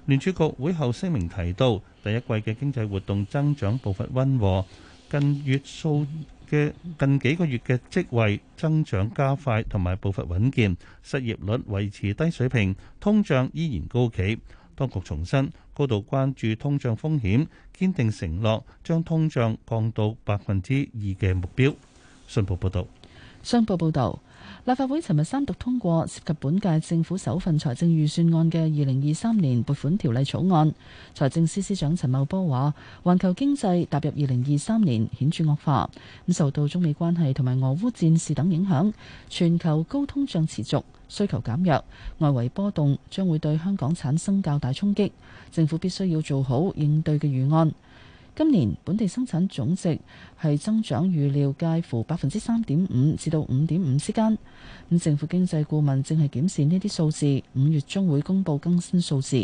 聯儲局會後聲明提到，第一季嘅經濟活動增長步伐溫和，近月數。嘅近幾個月嘅職位增長加快，同埋步伐穩健，失業率維持低水平，通脹依然高企。當局重申高度關注通脹風險，堅定承諾將通脹降到百分之二嘅目標。信報報導，商報報導。立法會尋日三讀通過涉及本屆政府首份財政預算案嘅二零二三年撥款條例草案。財政司司長陳茂波話，環球經濟踏入二零二三年顯著惡化，咁受到中美關係同埋俄烏戰事等影響，全球高通脹持續，需求減弱，外圍波動將會對香港產生較大衝擊。政府必須要做好應對嘅預案。今年本地生產總值係增長預料介乎百分之三點五至到五點五之間，咁，政府經濟顧問正係檢視呢啲數字，五月中會公布更新數字。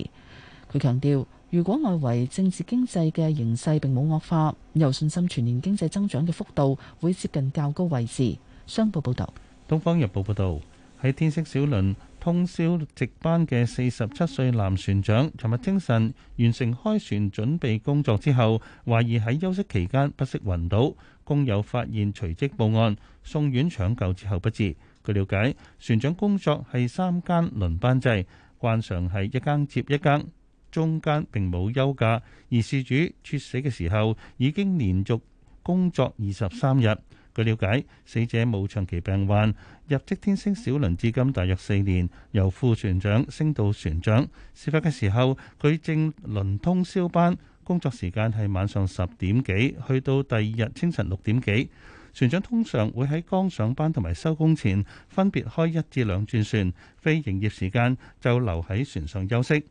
佢強調如果外圍政治經濟嘅形勢並冇惡化，有信心全年經濟增長嘅幅度會接近較高位置。商報報道，東方日報報道，喺天色小輪，通宵值班嘅四十七歲男船長尋日清晨完成開船準備工作之後懷疑喺休息期間不適暈倒，工友發現隨即報案，送院搶救之後不治。據了解，船長工作係三更輪班制，慣常係一更接一更，中間並冇休假，而事主猝死嘅時候已經連續工作二十三日。據了解，死者冇長期病患，入職天星小輪至今大約四年，由副船長升到船長。事發嘅時候，佢正輪通宵班，工作時間係晚上十點幾，去到第二日清晨六點幾。船長通常會喺剛上班同埋收工前分別開一至兩轉船，非營業時間就留喺船上休息。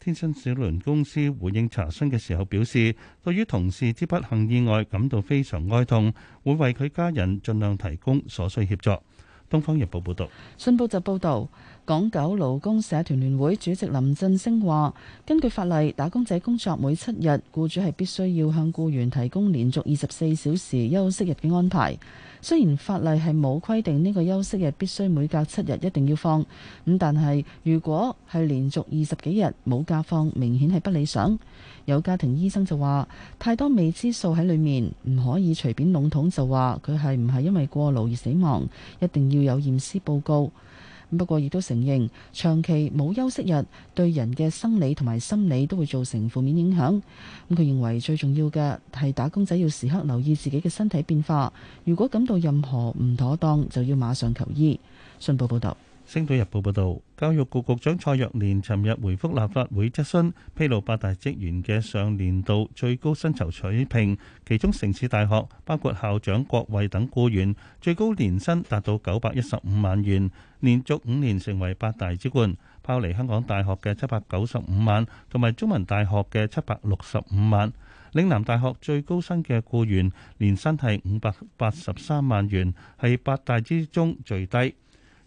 天星小輪公司回應查詢嘅時候表示，對於同事之不幸意外感到非常哀痛，會為佢家人盡量提供所需協助。《東方日報》報道，信報就報道港九勞工社團聯會主席林振聲話，根據法例，打工仔工作每七日，雇主係必須要向僱員提供連續二十四小時休息日嘅安排。雖然法例係冇規定呢個休息日必須每隔七日一定要放，咁但係如果係連續二十幾日冇假放，明顯係不理想。有家庭醫生就話，太多未知數喺裏面，唔可以隨便籠統就話佢係唔係因為過勞而死亡，一定要有驗屍報告。不過亦都承認，長期冇休息日對人嘅生理同埋心理都會造成負面影響。咁佢認為最重要嘅係打工仔要時刻留意自己嘅身體變化，如果感到任何唔妥當，就要馬上求醫。信報報道。星島日報報道，教育局局長蔡若蓮尋日回復立法會質詢，披露八大職員嘅上年度最高薪酬水平，其中城市大學包括校長郭衛等僱員最高年薪達到九百一十五萬元，連續五年成為八大之冠，拋離香港大學嘅七百九十五萬，同埋中文大學嘅七百六十五萬。嶺南大學最高薪嘅僱員年薪係五百八十三萬元，係八大之中最低。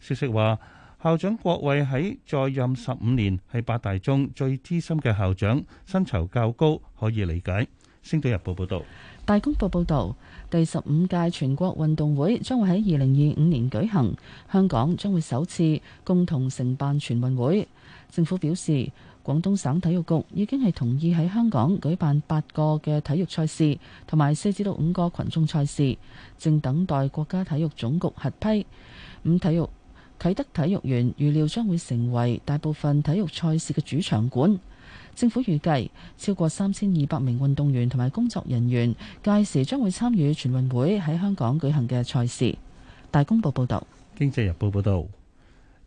消息話，校長郭偉喺在任十五年，係八大中最資深嘅校長，薪酬較高可以理解。星島日報報導，大公報報導，第十五屆全國運動會將會喺二零二五年舉行，香港將會首次共同承辦全運會。政府表示，廣東省體育局已經係同意喺香港舉辦八個嘅體育賽事，同埋四至到五個群眾賽事，正等待國家體育總局核批。咁體育。啟德體育園預料將會成為大部分體育賽事嘅主場館。政府預計超過三千二百名運動員同埋工作人員，屆時將會參與全運會喺香港舉行嘅賽事。大公報報道，經濟日報報道，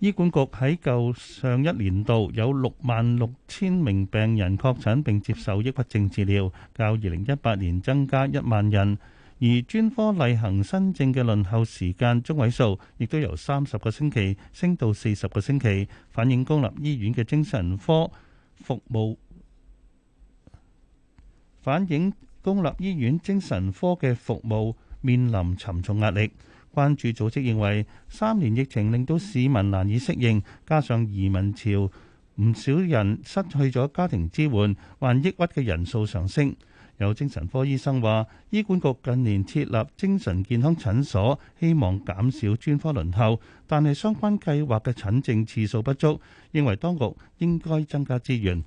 醫管局喺舊上一年度有六萬六千名病人確診並接受抑鬱症治療，較二零一八年增加一萬人。而專科例行新症嘅輪候時間中位數亦都由三十個星期升到四十個星期，反映公立醫院嘅精神科服務反映公立醫院精神科嘅服務面臨沉重壓力。關注組織認為，三年疫情令到市民難以適應，加上移民潮，唔少人失去咗家庭支援，患抑鬱嘅人數上升。有精神科醫生話，醫管局近年設立精神健康診所，希望減少專科輪候，但係相關計劃嘅診症次數不足，認為當局應該增加資源。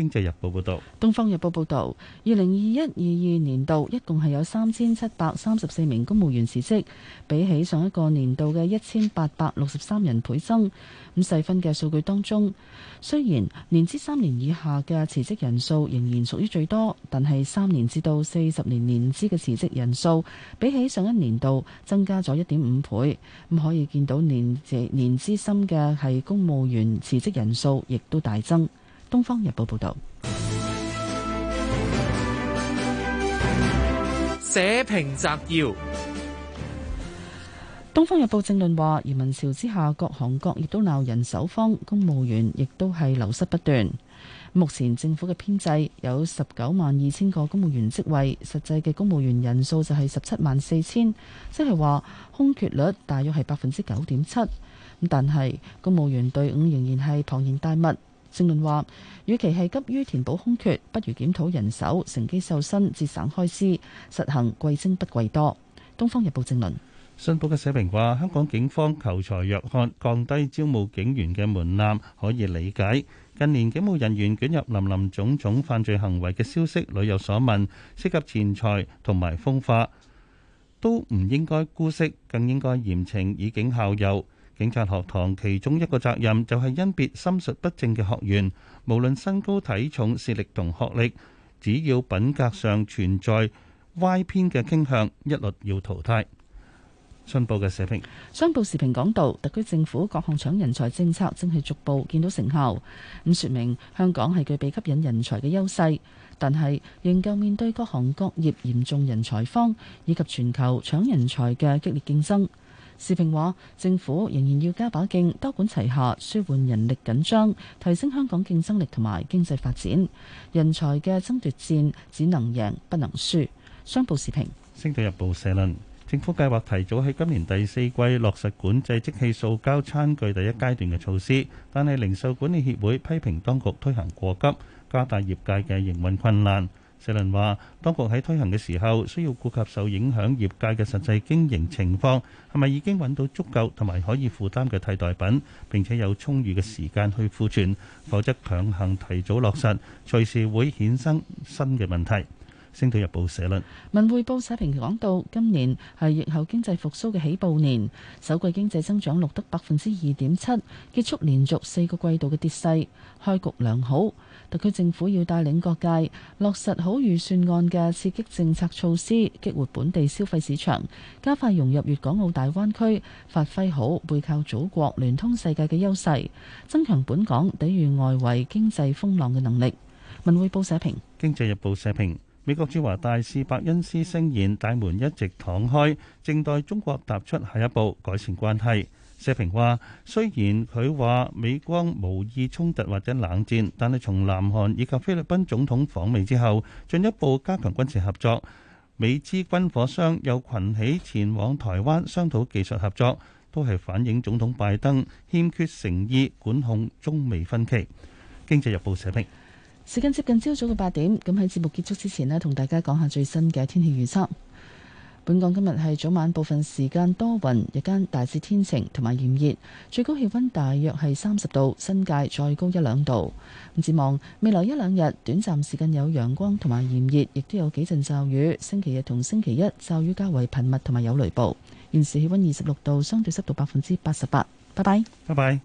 《經濟日報》報導，《東方日報》報導，二零二一二二年度一共係有三千七百三十四名公務員辭職，比起上一個年度嘅一千八百六十三人倍增。咁細分嘅數據當中，雖然年資三年以下嘅辭職人數仍然屬於最多，但係三年至到四十年年資嘅辭職人數，比起上一年度增加咗一點五倍。咁可以見到年年資深嘅係公務員辭職人數亦都大增。《東方日報》報道，社評摘要。《東方日報》正論話，移民潮之下，各行各業都鬧人手荒，公務員亦都係流失不斷。目前政府嘅編制有十九萬二千個公務員職位，實際嘅公務員人數就係十七萬四千，即係話空缺率大約係百分之九點七。咁但係公務員隊伍仍然係龐然大物。正論話，與其係急於填補空缺，不如檢討人手、乘機瘦身、節省開支，實行貴精不貴多。東方日報正論，信報嘅社評話，香港警方求才若渴，降低招募警員嘅門檻可以理解。近年警務人員捲入林林總總犯罪行為嘅消息屢有所聞，涉及錢財同埋風化，都唔應該姑息，更應該嚴懲以警效尤。警察學堂其中一個責任就係甄別心術不正嘅學員，無論身高、體重、視力同學歷，只要品格上存在歪偏嘅傾向，一律要淘汰。新報嘅社評，商報時評講到，特區政府各項搶人才政策正係逐步見到成效，咁説明香港係具備吸引人才嘅優勢，但係仍舊面對各行各業嚴重人才荒以及全球搶人才嘅激烈競爭。時評話，政府仍然要加把勁，多管齊下，舒緩人力緊張，提升香港競爭力同埋經濟發展。人才嘅爭奪戰只能贏不能輸。商報時評，《星島日報》社論：政府計劃提早喺今年第四季落實管制即棄塑膠餐具第一階段嘅措施，但係零售管理協會批評當局推行過急，加大業界嘅營運困難。社論話，當局喺推行嘅時候，需要顧及受影響業界嘅實際經營情況，係咪已經揾到足夠同埋可以負擔嘅替代品，並且有充裕嘅時間去庫存，否則強行提早落實，隨時會衍生新嘅問題。星島日報社論。文匯報社評講到，今年係疫後經濟復甦嘅起步年，首季經濟增長錄得百分之二點七，結束連續四個季度嘅跌勢，開局良好。特區政府要帶領各界落實好預算案嘅刺激政策措施，激活本地消費市場，加快融入粵港澳大灣區，發揮好背靠祖國、聯通世界嘅優勢，增強本港抵御外圍經濟風浪嘅能力。文匯報社評。《經濟日報》社評：美國駐華大使伯恩斯聲言，大門一直敞開，正待中國踏出下一步改善關係。社評話，雖然佢話美國無意衝突或者冷戰，但係從南韓以及菲律賓總統訪美之後，進一步加強軍事合作，美資軍火商又群起前往台灣商討技術合作，都係反映總統拜登欠缺誠意管控中美分歧。經濟日報社評。時間接近朝早嘅八點，咁喺節目結束之前呢，同大家講下最新嘅天氣預測。本港今日係早晚部分時間多雲，日間大致天晴同埋炎熱，最高氣溫大約係三十度，新界再高一兩度。展望未來一兩日，短暫時間有陽光同埋炎熱，亦都有幾陣驟雨。星期日同星期一驟雨較為頻密同埋有雷暴。現時氣溫二十六度，相對濕度百分之八十八。拜拜。拜拜。